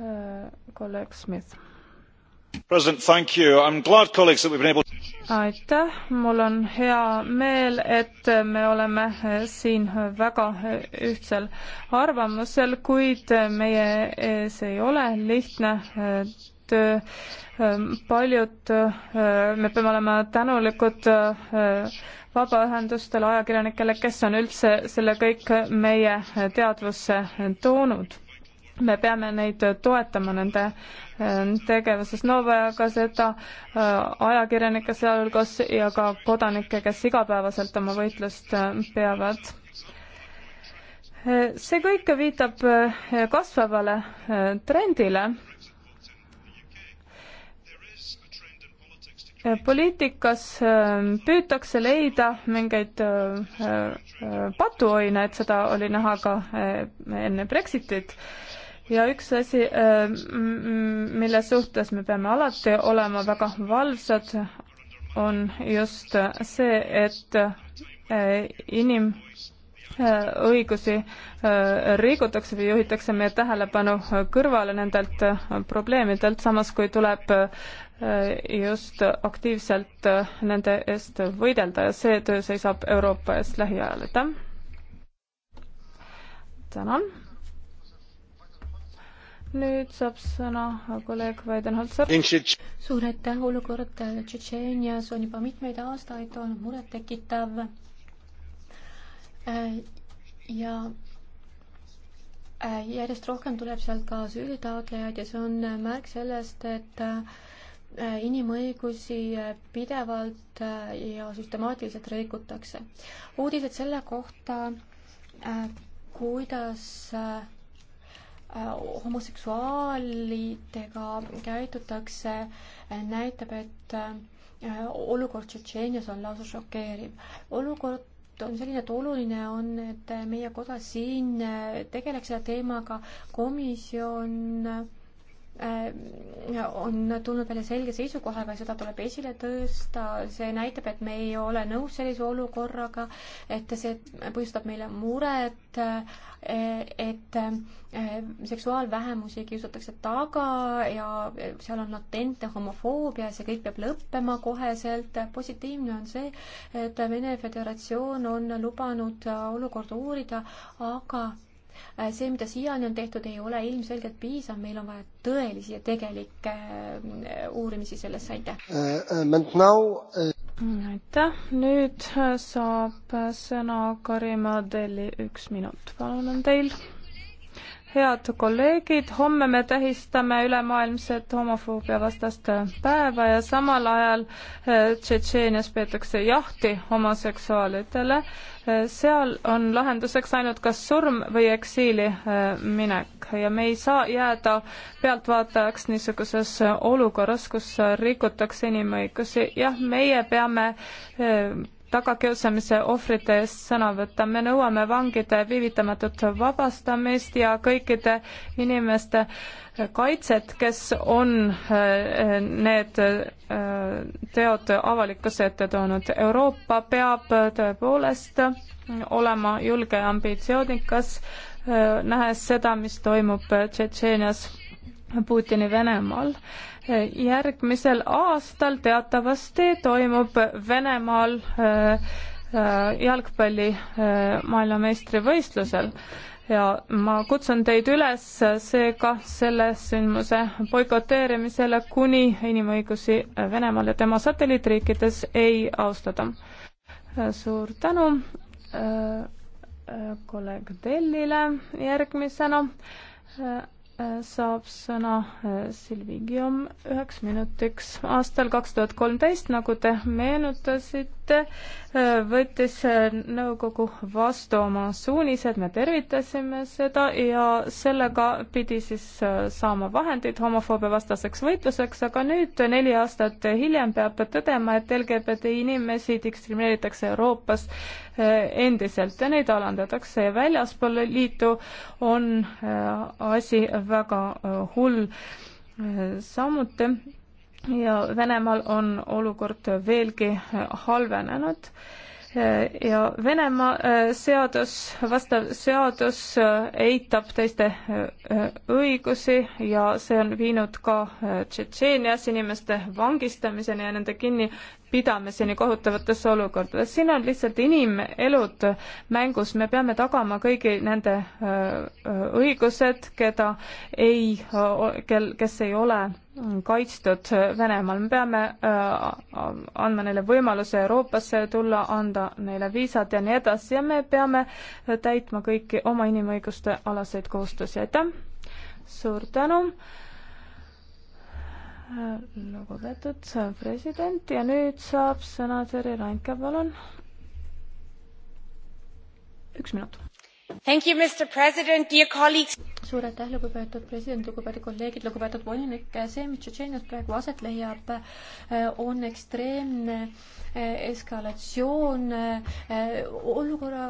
äh, kolleeg Smith. Able... aitäh, mul on hea meel, et me oleme äh, siin väga äh, ühtsel arvamusel, kuid meie ees ei ole lihtne töö. Ähm, paljud, me peame olema tänulikud vabaühendustele, ajakirjanikele, kes on üldse selle kõik meie teadvusse toonud. me peame neid toetama nende äh, tegevuses Novaja Gazeta äh, ajakirjanikke sealhulgas ja ka kodanikke, kes igapäevaselt oma võitlust äh, peavad see kõik viitab kasvavale trendile poliitikas ähm, püütakse leida mingeid äh, äh, patuoine, et seda oli näha ka äh, enne Brexitit ja üks asi, mille suhtes me peame alati olema väga valvsad, on just see, et inim- õigusi rikutakse või juhitakse meie tähelepanu kõrvale nendelt probleemidelt, samas kui tuleb Äh, just aktiivselt äh, nende eest võidelda ja see töö seisab Euroopa eest lähiajal, aitäh! tänan! nüüd saab sõna kolleeg Weidenholzer. suur aitäh, olukord Tšetšeenias on juba mitmeid aastaid olnud murettekitav äh, ja järjest rohkem tuleb sealt ka süüditaotlejaid ja see on märk sellest, et Äh, inimõigusi äh, pidevalt äh, ja süstemaatiliselt rikutakse. uudised selle kohta, kuidas homoseksuaalidega käitutakse, näitab, et olukord Tšetšeenias on lausa šokeeriv. olukord on selline, et oluline on, et meie koda siin tegeleks selle teemaga, komisjon Äh, on tulnud välja selge seisukohaga ja seda tuleb esile tõsta, see näitab, et me ei ole nõus sellise olukorraga, et see põhjustab meile muret, äh, et äh, seksuaalvähemusi kiusatakse taga ja seal on latentne homofoobia ja see kõik peab lõppema koheselt. positiivne on see, et Vene Föderatsioon on lubanud olukorda uurida, aga Äh, see, mida siiani on tehtud, ei ole ilmselgelt piisav, meil on vaja tõelisi ja tegelikke äh, uurimisi sellesse, aitäh uh,! aitäh, nüüd saab sõna Karima Deli, üks minut, palun on teil head kolleegid, homme me tähistame ülemaailmset homofoobia vastast päeva ja samal ajal eh, Tšetšeenias peetakse jahti homoseksuaalidele. Eh, seal on lahenduseks ainult kas surm või eksiili eh, minek ja me ei saa jääda pealtvaatajaks niisuguses olukorras, kus rikutakse inimõigusi. jah, meie peame tagakiusamise ohvrite eest sõna võtta. me nõuame vangide viivitamatut vabastamist ja kõikide inimeste kaitset, kes on äh, need äh, teod avalikkuse ette toonud. Euroopa peab tõepoolest olema julge ja ambitsioonikas, äh, nähes seda, mis toimub Tšetšeenias Putini Venemaal järgmisel aastal teatavasti toimub Venemaal äh, äh, jalgpalli äh, maailmameistrivõistlusel ja ma kutsun teid üles seega selle sündmuse boikoteerimisele, kuni inimõigusi Venemaal ja tema satelliitriikides ei austada. suur tänu kolleeg Tellile järgmisena saab sõna äh, Silvi Giom üheks minutiks. aastal kaks tuhat kolmteist, nagu te meenutasite, äh, võttis äh, nõukogu vastu oma suunised, me tervitasime seda ja sellega pidi siis saama vahendid homofoobia vastaseks võitluseks, aga nüüd neli aastat hiljem peab tõdema, et LGBTI inimesi diskrimineeritakse Euroopas Äh, endiselt ja neid alandatakse ja väljaspool liitu on äh, asi väga äh, hull. samuti ja Venemaal on olukord veelgi halvenenud Äh, ja Venemaa äh, seadus, vastav seadus äh, eitab teiste õigusi ja see on viinud ka Tšetšeenias inimeste vangistamiseni ja nende kinnipidamiseni kohutavates olukordades. siin on lihtsalt inimelud mängus, me peame tagama kõigi nende õigused, keda ei, kel, kes ei ole kaitstud Venemaal, me peame äh, andma neile võimaluse Euroopasse tulla, anda neile viisad ja nii edasi ja me peame täitma kõiki oma inimõiguste alaseid kohustusi, aitäh! suur tänu, lugupeetud president ja nüüd saab sõna Terje Randke, palun. üks minut suur aitäh, lugupeetud president, lugupeetud kolleegid, lugupeetud volinik, see, mis Tšetšeenias praegu aset leiab, eh, on ekstreemne eh, eskalatsioon eh, olukorra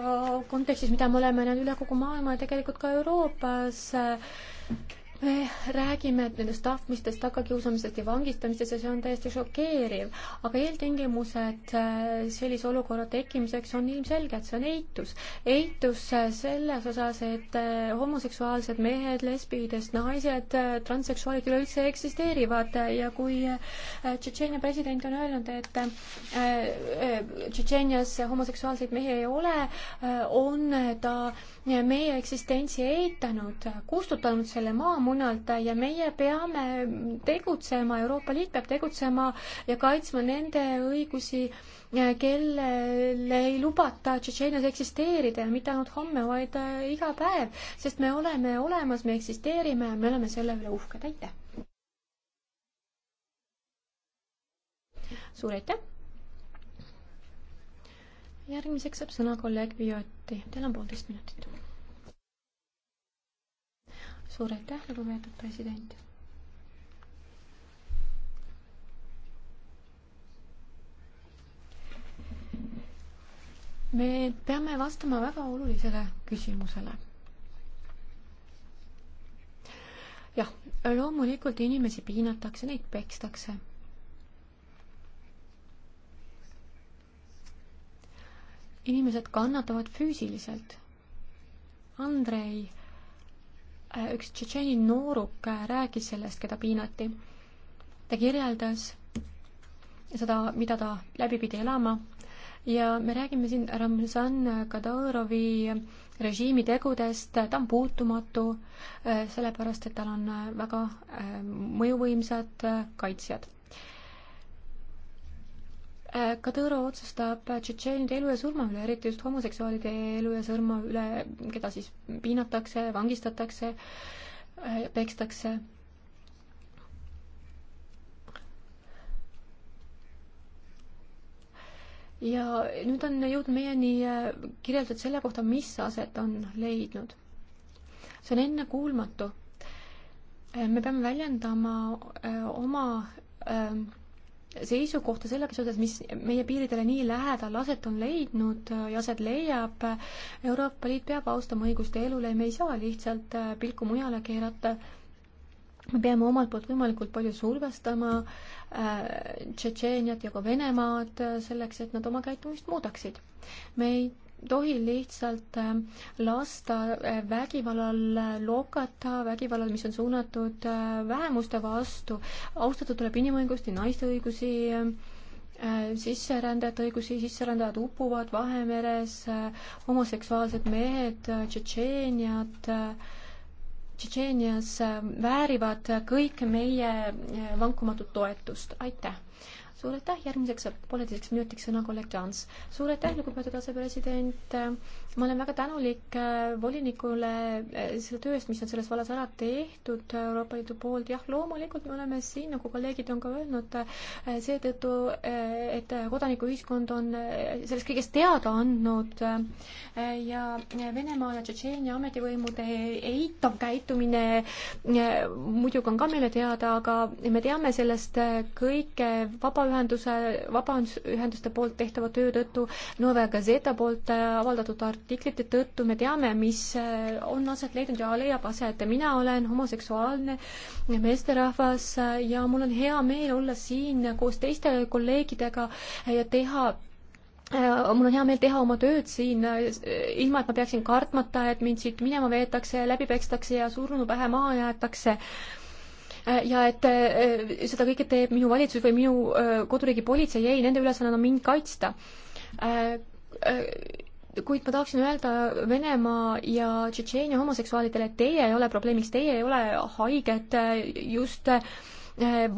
kontekstis, mida me oleme näinud üle kogu maailma ja tegelikult ka Euroopas me räägime nendest tapmistest, tagakiusamisest ja vangistamisest ja see on täiesti šokeeriv, aga eeltingimused äh, sellise olukorra tekkimiseks on ilmselged, see on eitus. eitus äh, selles osas, et äh, homoseksuaalsed mehed, lesbiidest naised, transseksuaalid üleüldse eksisteerivad ja kui Tšetšeenia president on öelnud, et Tšetšeenias homoseksuaalseid mehi ei ole, on ta meie eksistentsi eitanud, kustutanud selle maamurra, mujalt ja meie peame tegutsema, Euroopa Liit peab tegutsema ja kaitsma nende õigusi, kellel ei lubata Tšetšeenias eksisteerida ja mitte ainult homme, vaid äh, iga päev, sest me oleme olemas, me eksisteerime ja me oleme selle üle uhked, aitäh! suur aitäh! järgmiseks saab sõna kolleeg Vioti, teil on poolteist minutit suur aitäh, lugupeetud president. me peame vastama väga olulisele küsimusele. jah, loomulikult inimesi piinatakse, neid pekstakse. inimesed kannatavad füüsiliselt. Andrei Äh, üks Tšetšeeni nooruk äh, rääkis sellest, keda piinati. ta kirjeldas seda, mida ta läbi pidi elama ja me räägime siin Ramzan Kadõrovi režiimi tegudest, ta on puutumatu, äh, sellepärast et tal on väga mõjuvõimsad kaitsjad Kadõro otsustab tšetšeenide elu ja surma üle, eriti just homoseksuaalide elu ja surma üle, keda siis piinatakse, vangistatakse, pekstakse. ja nüüd on jõudnud meieni äh, kirjeldused selle kohta, mis aset on leidnud. see on ennekuulmatu. Äh, me peame väljendama äh, oma öö, ähm, seisukohta selles osas, mis meie piiridele nii lähedal aset on leidnud ja aset leiab. Euroopa Liit peab austama õigust elule ja me ei saa lihtsalt äh, pilku mujale keerata. me peame omalt poolt võimalikult palju survestama äh, Tšetšeeniat ja ka Venemaad äh, selleks, et nad oma käitumist muudaksid. me ei tohi lihtsalt äh, lasta äh, vägivallal äh, lokata, vägivallal, mis on suunatud vähemuste vastu. austatud tuleb inimõigusi, naiste õigusi, sisserändajate õigusi, sisserändajad upuvad Vahemeres, homoseksuaalsed mehed, Tšetšeeniad, Tšetšeenias väärivad kõik meie vankumatut toetust. aitäh! suur aitäh, järgmiseks pooleteiseks minutiks sõna kolleeg Jans. suur aitäh, lugupeetud asepresident. ma olen väga tänulik äh, volinikule äh, selle töö eest, mis on selles vallas ära tehtud Euroopa Liidu poolt. jah, loomulikult me oleme siin, nagu kolleegid on ka öelnud, äh, seetõttu, et kodanikuühiskond on sellest kõigest teada andnud ja Venemaa ja Tšetšeenia ametivõimude eitav käitumine muidugi on ka meile teada, aga me teame sellest kõike vabaühenduste vabaühenduse, vabaühenduste poolt tehtava töö tõttu, Nõve Gazeta poolt äh, avaldatud artiklite tõttu, me teame, mis äh, on aset leidnud ja leiab aset. mina olen homoseksuaalne meesterahvas äh, ja mul on hea meel olla siin koos teiste kolleegidega ja teha mul on hea meel teha oma tööd siin, ilma et ma peaksin kartmata, et mind siit minema veetakse, läbi pekstakse ja surnu pähe maha jäetakse Äh, ja et äh, seda kõike teeb minu valitsus või minu äh, koduriigi politsei, ei, nende ülesanne on mind kaitsta. kuid ma tahaksin öelda Venemaa ja Tšetšeenia homoseksuaalidele, et teie ei ole probleemiks, teie ei ole haiged, just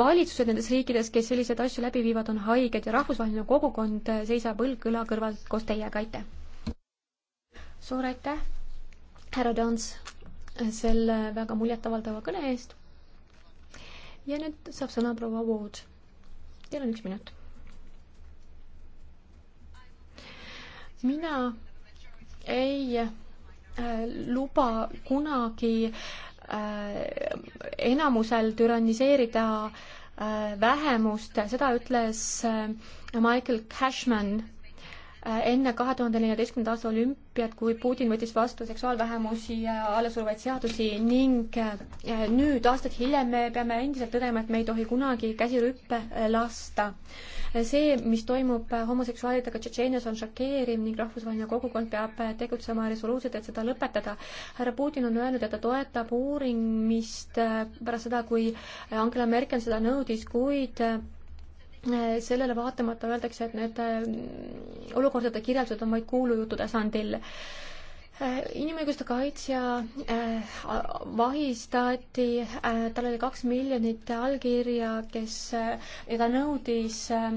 valitsused nendes riikides, kes selliseid asju läbi viivad, on haiged ja rahvusvaheline kogukond seisab õlg õla kõrval koos teiega, aitäh! suur aitäh, härra Dans, selle väga muljetavaldava kõne eest ja nüüd saab sõna proua Vood. Teil on üks minut. mina ei äh, luba kunagi äh, enamusel türanniseerida äh, vähemust, seda ütles äh, Michael Cashman Äh, enne kahe tuhande neljateistkümnenda aasta olümpiat, kui Putin võttis vastu seksuaalvähemusi ja allasuruvaid seadusi ning äh, nüüd, aastaid hiljem, me peame endiselt tõdema, et me ei tohi kunagi käsi rüppe äh, lasta. see, mis toimub homoseksuaalidega Tšetšeenias, on šokeeriv ning rahvusvaheline kogukond peab tegutsema resoluutselt, et seda lõpetada. härra Putin on öelnud, et ta toetab uurimist pärast seda, kui Angela Merkel seda nõudis, kuid sellele vaatamata öeldakse, et need äh, olukordade kirjeldused on vaid kuulujutu tasandil äh, inimõiguste kaitsja äh, vahistati äh,, tal oli kaks miljonit allkirja, kes äh,, ja ta nõudis äh,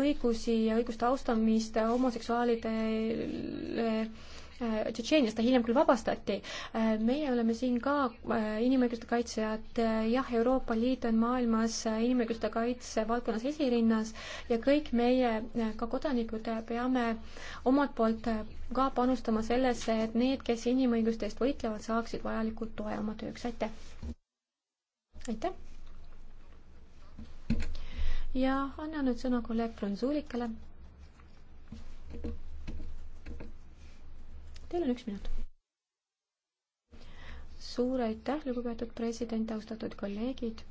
õigusi ja õiguste austamist homoseksuaalidele Äh, Tšetšeeniast, ta hiljem küll vabastati. Äh, meie oleme siin ka äh, inimõiguste kaitsjad, jah, Euroopa Liit on maailmas inimõiguste kaitse valdkonnas esirinnas ja kõik meie, ka kodanikud, peame omalt poolt ka panustama sellesse, et need, kes inimõiguste eest võitlevad, saaksid vajalikult toe oma tööks, aitäh! aitäh! ja annan nüüd sõna kolleeg Frunzulikale. Teil on üks minut. suur aitäh, lugupeetud president, austatud kolleegid.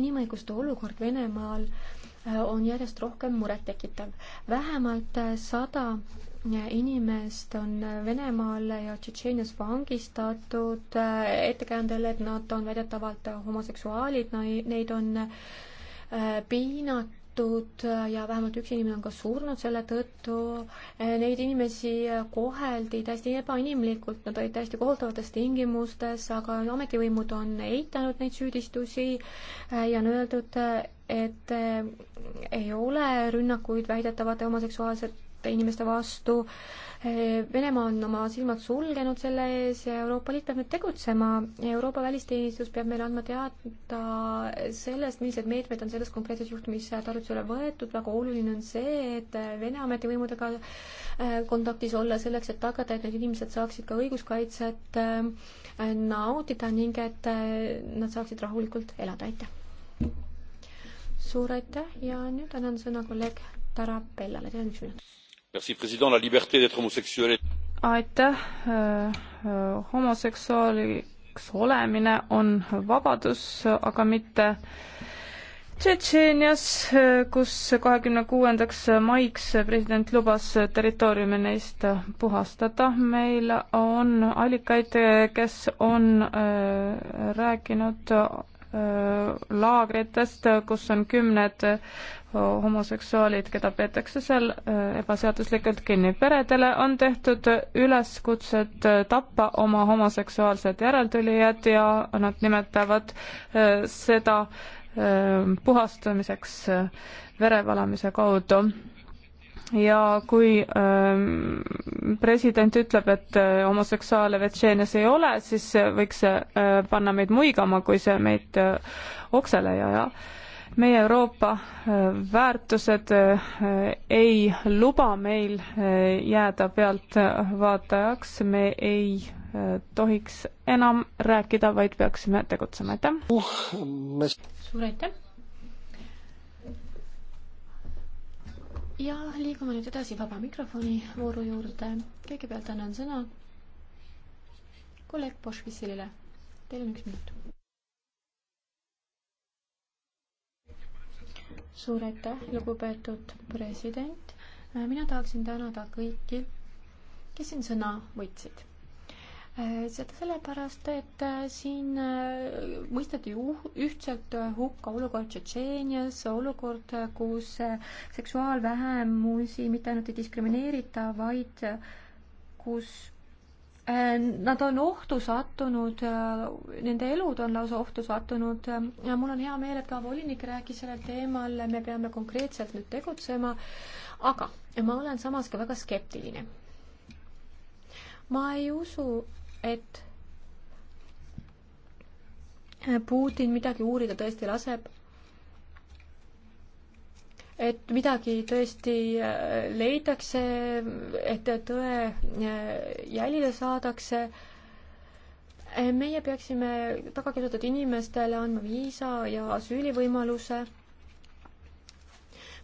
inimõiguste olukord Venemaal äh, on järjest rohkem murettekitav. vähemalt äh, sada äh, inimest on Venemaal ja Tšetšeenias vangistatud ettekäändel, et nad on väidetavalt homoseksuaalid, neid on piinatud tapetud ja vähemalt üks inimene on ka surnud selle tõttu. Neid inimesi koheldi täiesti ebainimlikult, nad olid täiesti kohutavates tingimustes, aga ametivõimud on eitanud neid süüdistusi ja on öeldud, et ei ole rünnakuid väidetavate homoseksuaalsete rünnakute inimeste vastu. Venemaa on oma silmad sulgenud selle ees ja Euroopa Liit peab nüüd tegutsema. Euroopa välisteenistus peab meile andma teada sellest, millised meetmed on selles konkreetses juhtumis tarvitusele võetud. väga oluline on see, et Vene ametivõimudega äh, kontaktis olla selleks, et tagada, et need inimesed saaksid ka õiguskaitset äh, nautida ning et äh, nad saaksid rahulikult elada, aitäh! suur aitäh ja nüüd annan sõna kolleeg Tarabellale, teil on üks minut aitäh, äh, äh, homoseksuaaliks olemine on vabadus, aga mitte Tšetšeenias, kus kahekümne kuuendaks maiks president lubas territooriumi neist puhastada. meil on allikaid, kes on äh, rääkinud Äh, laagritest, kus on kümned äh, homoseksuaalid, keda peetakse seal äh, ebaseaduslikult kinni. peredele on tehtud üleskutsed tappa oma homoseksuaalsed järeltulijad ja nad nimetavad seda puhastamiseks verevalamise kaudu ja kui ähm, president ütleb, et äh, homoseksuaale Vetšeenias ei ole, siis võiks see äh, panna meid muigama, kui see meid äh, oksele ei aja. meie Euroopa äh, väärtused äh, ei luba meil äh, jääda pealtvaatajaks, äh, me ei äh, tohiks enam rääkida, vaid peaksime tegutsema, aitäh uh,! suur aitäh! ja liigume nüüd edasi vaba mikrofoni vooru juurde. kõigepealt annan sõna kolleeg Bošvisilile. Teil on üks minut. suur aitäh, lugupeetud president. mina tahaksin tänada kõiki, kes siin sõna võtsid seda sellepärast, et äh, siin äh, mõisteti uh-, ühtselt äh, hukka olukord Tšetšeenias, olukord, kus seksuaalvähemusi mitte ainult ei diskrimineerita, vaid kus Nad on ohtu sattunud, nende elud on lausa ohtu sattunud ja mul on hea meel, et ka volinik rääkis sellel teemal, me peame konkreetselt nüüd tegutsema, aga ma olen samas ka väga skeptiline. ma ei usu, et Putin midagi uurida tõesti laseb, et midagi tõesti äh, leitakse, et tõe äh, jälile saadakse. Äh, meie peaksime tagakirjutatud inimestele andma viisa ja asüülivõimaluse.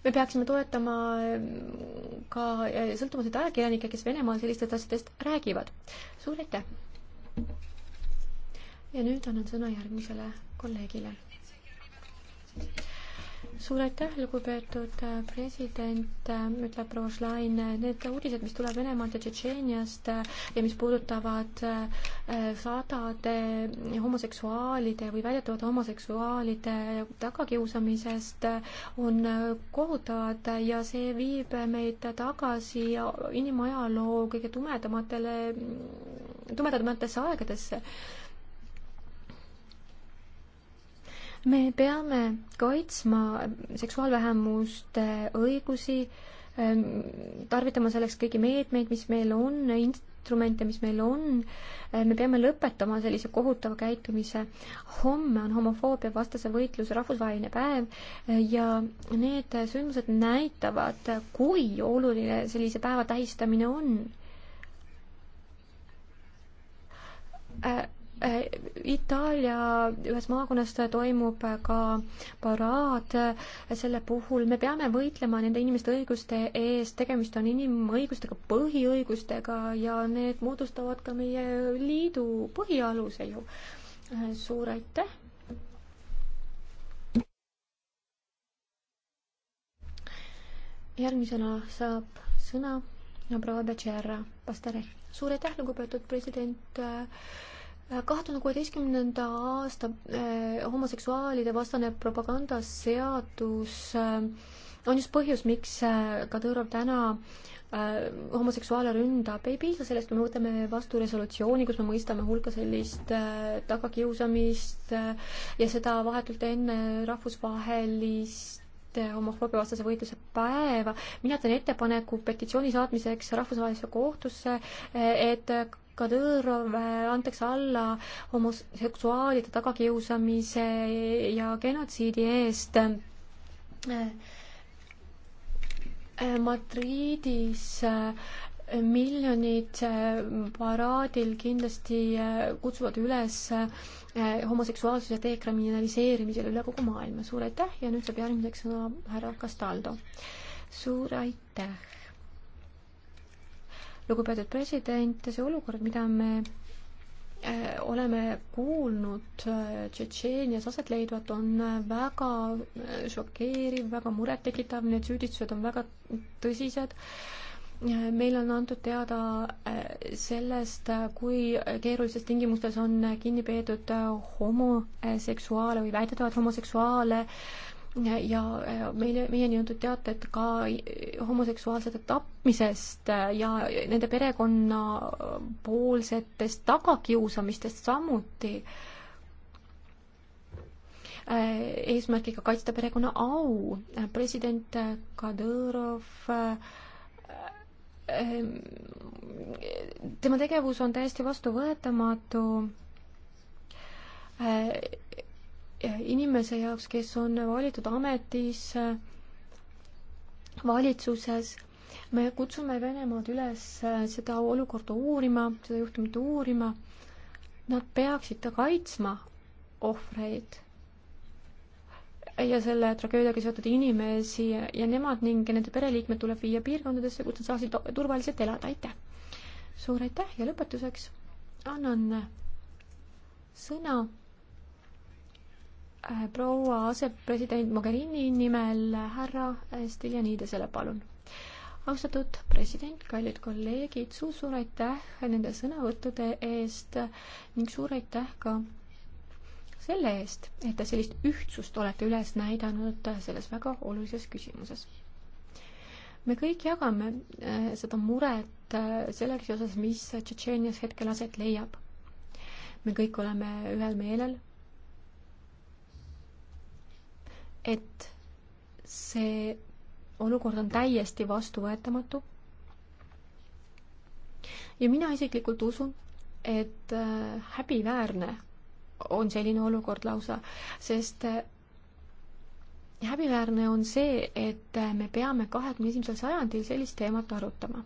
me peaksime toetama ka sõltumatuid ajakirjanikke, kes Venemaal sellistest asjadest räägivad. suur aitäh! ja nüüd annan sõna järgmisele kolleegile suur aitäh, lugupeetud äh, president, äh, ütleb proua Schlein, need uudised, mis tuleb Venemaalt ja Tšetšeeniast äh, ja mis puudutavad sadade homoseksuaalide või väidetavate homoseksuaalide tagakiusamisest, on kohutavad ja see viib meid tagasi inimajaloo kõige tumedamatele, tumedamatesse aegadesse me peame kaitsma seksuaalvähemuste õigusi, ähm, tarvitama selleks kõiki meetmeid, mis meil on, instrumente, mis meil on, äh, me peame lõpetama sellise kohutava käitumise. homme on homofoobia vastase võitluse rahvusvaheline päev äh, ja need sündmused näitavad, kui oluline sellise päeva tähistamine on äh, Äh, Itaalia ühes maakonnas toimub ka paraad, selle puhul me peame võitlema nende inimeste õiguste eest, tegemist on inimõigustega, põhiõigustega ja need moodustavad ka meie liidu põhialuse ju. Äh, suur aitäh! järgmisena saab sõna proua Becerra Pastare. suur aitäh, lugupeetud president äh, kahe tuhande kuueteistkümnenda aasta eh, homoseksuaalide vastane propagandaseadus eh, äh, on just põhjus, miks eh, ka Tõrov täna homoseksuaale ründab. ei piisa sellest, kui me võtame vastu resolutsiooni, kus me mõistame hulka sellist tagakiusamist ja seda vahetult enne rahvusvahelist homofoobiavastase võitluse päeva. mina teen ettepaneku petitsiooni saatmiseks rahvusvahelisse kohtusse, et Kadõrov äh, antakse alla homoseksuaalide tagakiusamise ja genotsiidi eest. Äh, äh, Madridis miljonid paraadil kindlasti kutsuvad üles homoseksuaalsuse dekriminaliseerimisele üle kogu maailma. suur aitäh ja nüüd saab järgmiseks sõna härra Castaldo. suur aitäh lugupeetud president, see olukord, mida me äh, oleme kuulnud äh, Tšetšeenias aset leidvat, on äh, väga šokeeriv, väga murettekitav, need süüdistused on väga tõsised. meile on antud teada sellest, kui keerulistes tingimustes on kinni peetud homoseksuaale või väidetavalt homoseksuaale äh, ja meile, meieni on teated ka homoseksuaalsete tapmisest ja nende perekonnapoolsetest tagakiusamistest samuti äh, eesmärgiga kaitsta perekonna au. president Kadõrov äh, ähm, tema tegevus on täiesti vastuvõetamatu äh, inimese jaoks, kes on valitud ametisse, valitsuses. me kutsume Venemaad üles äh, seda olukorda uurima, seda juhtumit uurima. Nad peaksid kaitsma ohvreid ja selle tragöödiaga seotud inimesi ja nemad ning nende pereliikmed tuleb viia piirkondadesse, kus nad saaksid turvaliselt elada, aitäh! suur aitäh ja lõpetuseks annan sõna Äh, proua asepresident Mogherini nimel härra äh, Stiljanidesele, palun. austatud president, kallid kolleegid, suur-suur aitäh nende sõnavõttude eest ning suur aitäh ka selle eest, et te sellist ühtsust olete üles näidanud selles väga olulises küsimuses. me kõik jagame äh, seda muret selleks osas, mis Tšetšeenias hetkel aset leiab. me kõik oleme ühel meelel et see olukord on täiesti vastuvõetamatu. ja mina isiklikult usun, et äh, häbiväärne on selline olukord lausa, sest äh, häbiväärne on see, et äh, me peame kahekümne esimesel sajandil sellist teemat arutama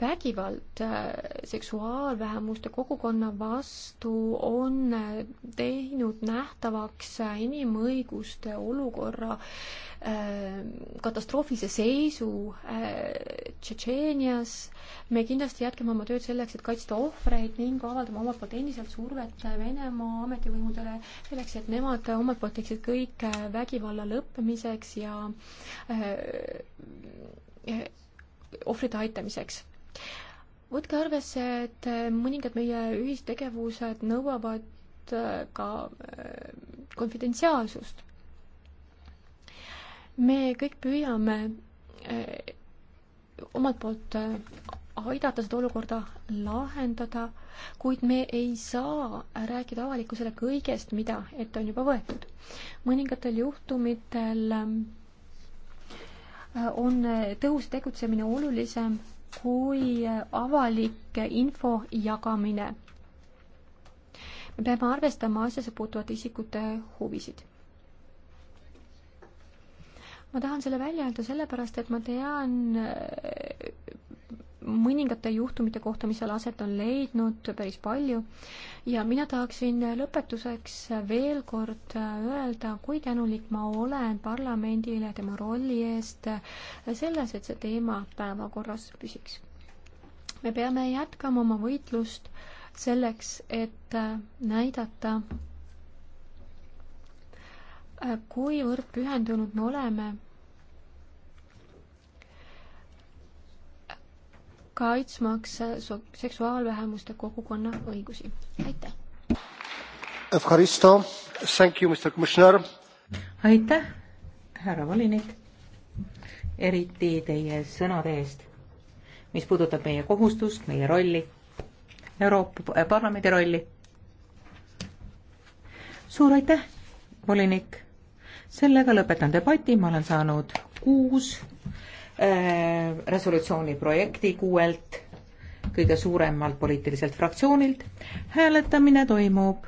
vägivald äh, seksuaalvähemuste kogukonna vastu on äh, teinud nähtavaks äh, inimõiguste olukorra katastroofilise seisu Tšetšeenias. me kindlasti jätkame oma tööd selleks, et kaitsta ohvreid ning avaldame omalt poolt endiselt survet Venemaa ametivõimudele selleks, et nemad omalt poolt teeksid kõik vägivalla lõppemiseks ja ohvrite aitamiseks võtke arvesse, et äh, mõningad meie ühistegevused nõuavad äh, ka äh, konfidentsiaalsust. me kõik püüame omalt poolt aidata seda olukorda lahendada, kuid me ei saa rääkida avalikkusele kõigest, mida ette on juba võetud. mõningatel juhtumitel on tõhus tegutsemine olulisem kui avalik info jagamine. me peame arvestama asjasse puutuvate isikute huvisid. ma tahan selle välja öelda sellepärast, et ma tean mõningate juhtumite kohta, mis seal aset on leidnud, päris palju. ja mina tahaksin lõpetuseks veel kord öelda, kui tänulik ma olen parlamendile tema rolli eest selles, et see teema päevakorras püsiks. me peame jätkama oma võitlust selleks, et näidata, kuivõrd pühendunud me oleme kaitsmaks seksuaalvähemuste kogukonna õigusi. aitäh! aitäh, härra volinik, eriti teie sõnade eest, mis puudutab meie kohustust, meie rolli, Euroopa äh, Parlamendi rolli. suur aitäh, volinik! sellega lõpetan debati, ma olen saanud kuus Äh, resolutsiooni projekti kuuelt kõige suuremalt poliitiliselt fraktsioonilt. hääletamine toimub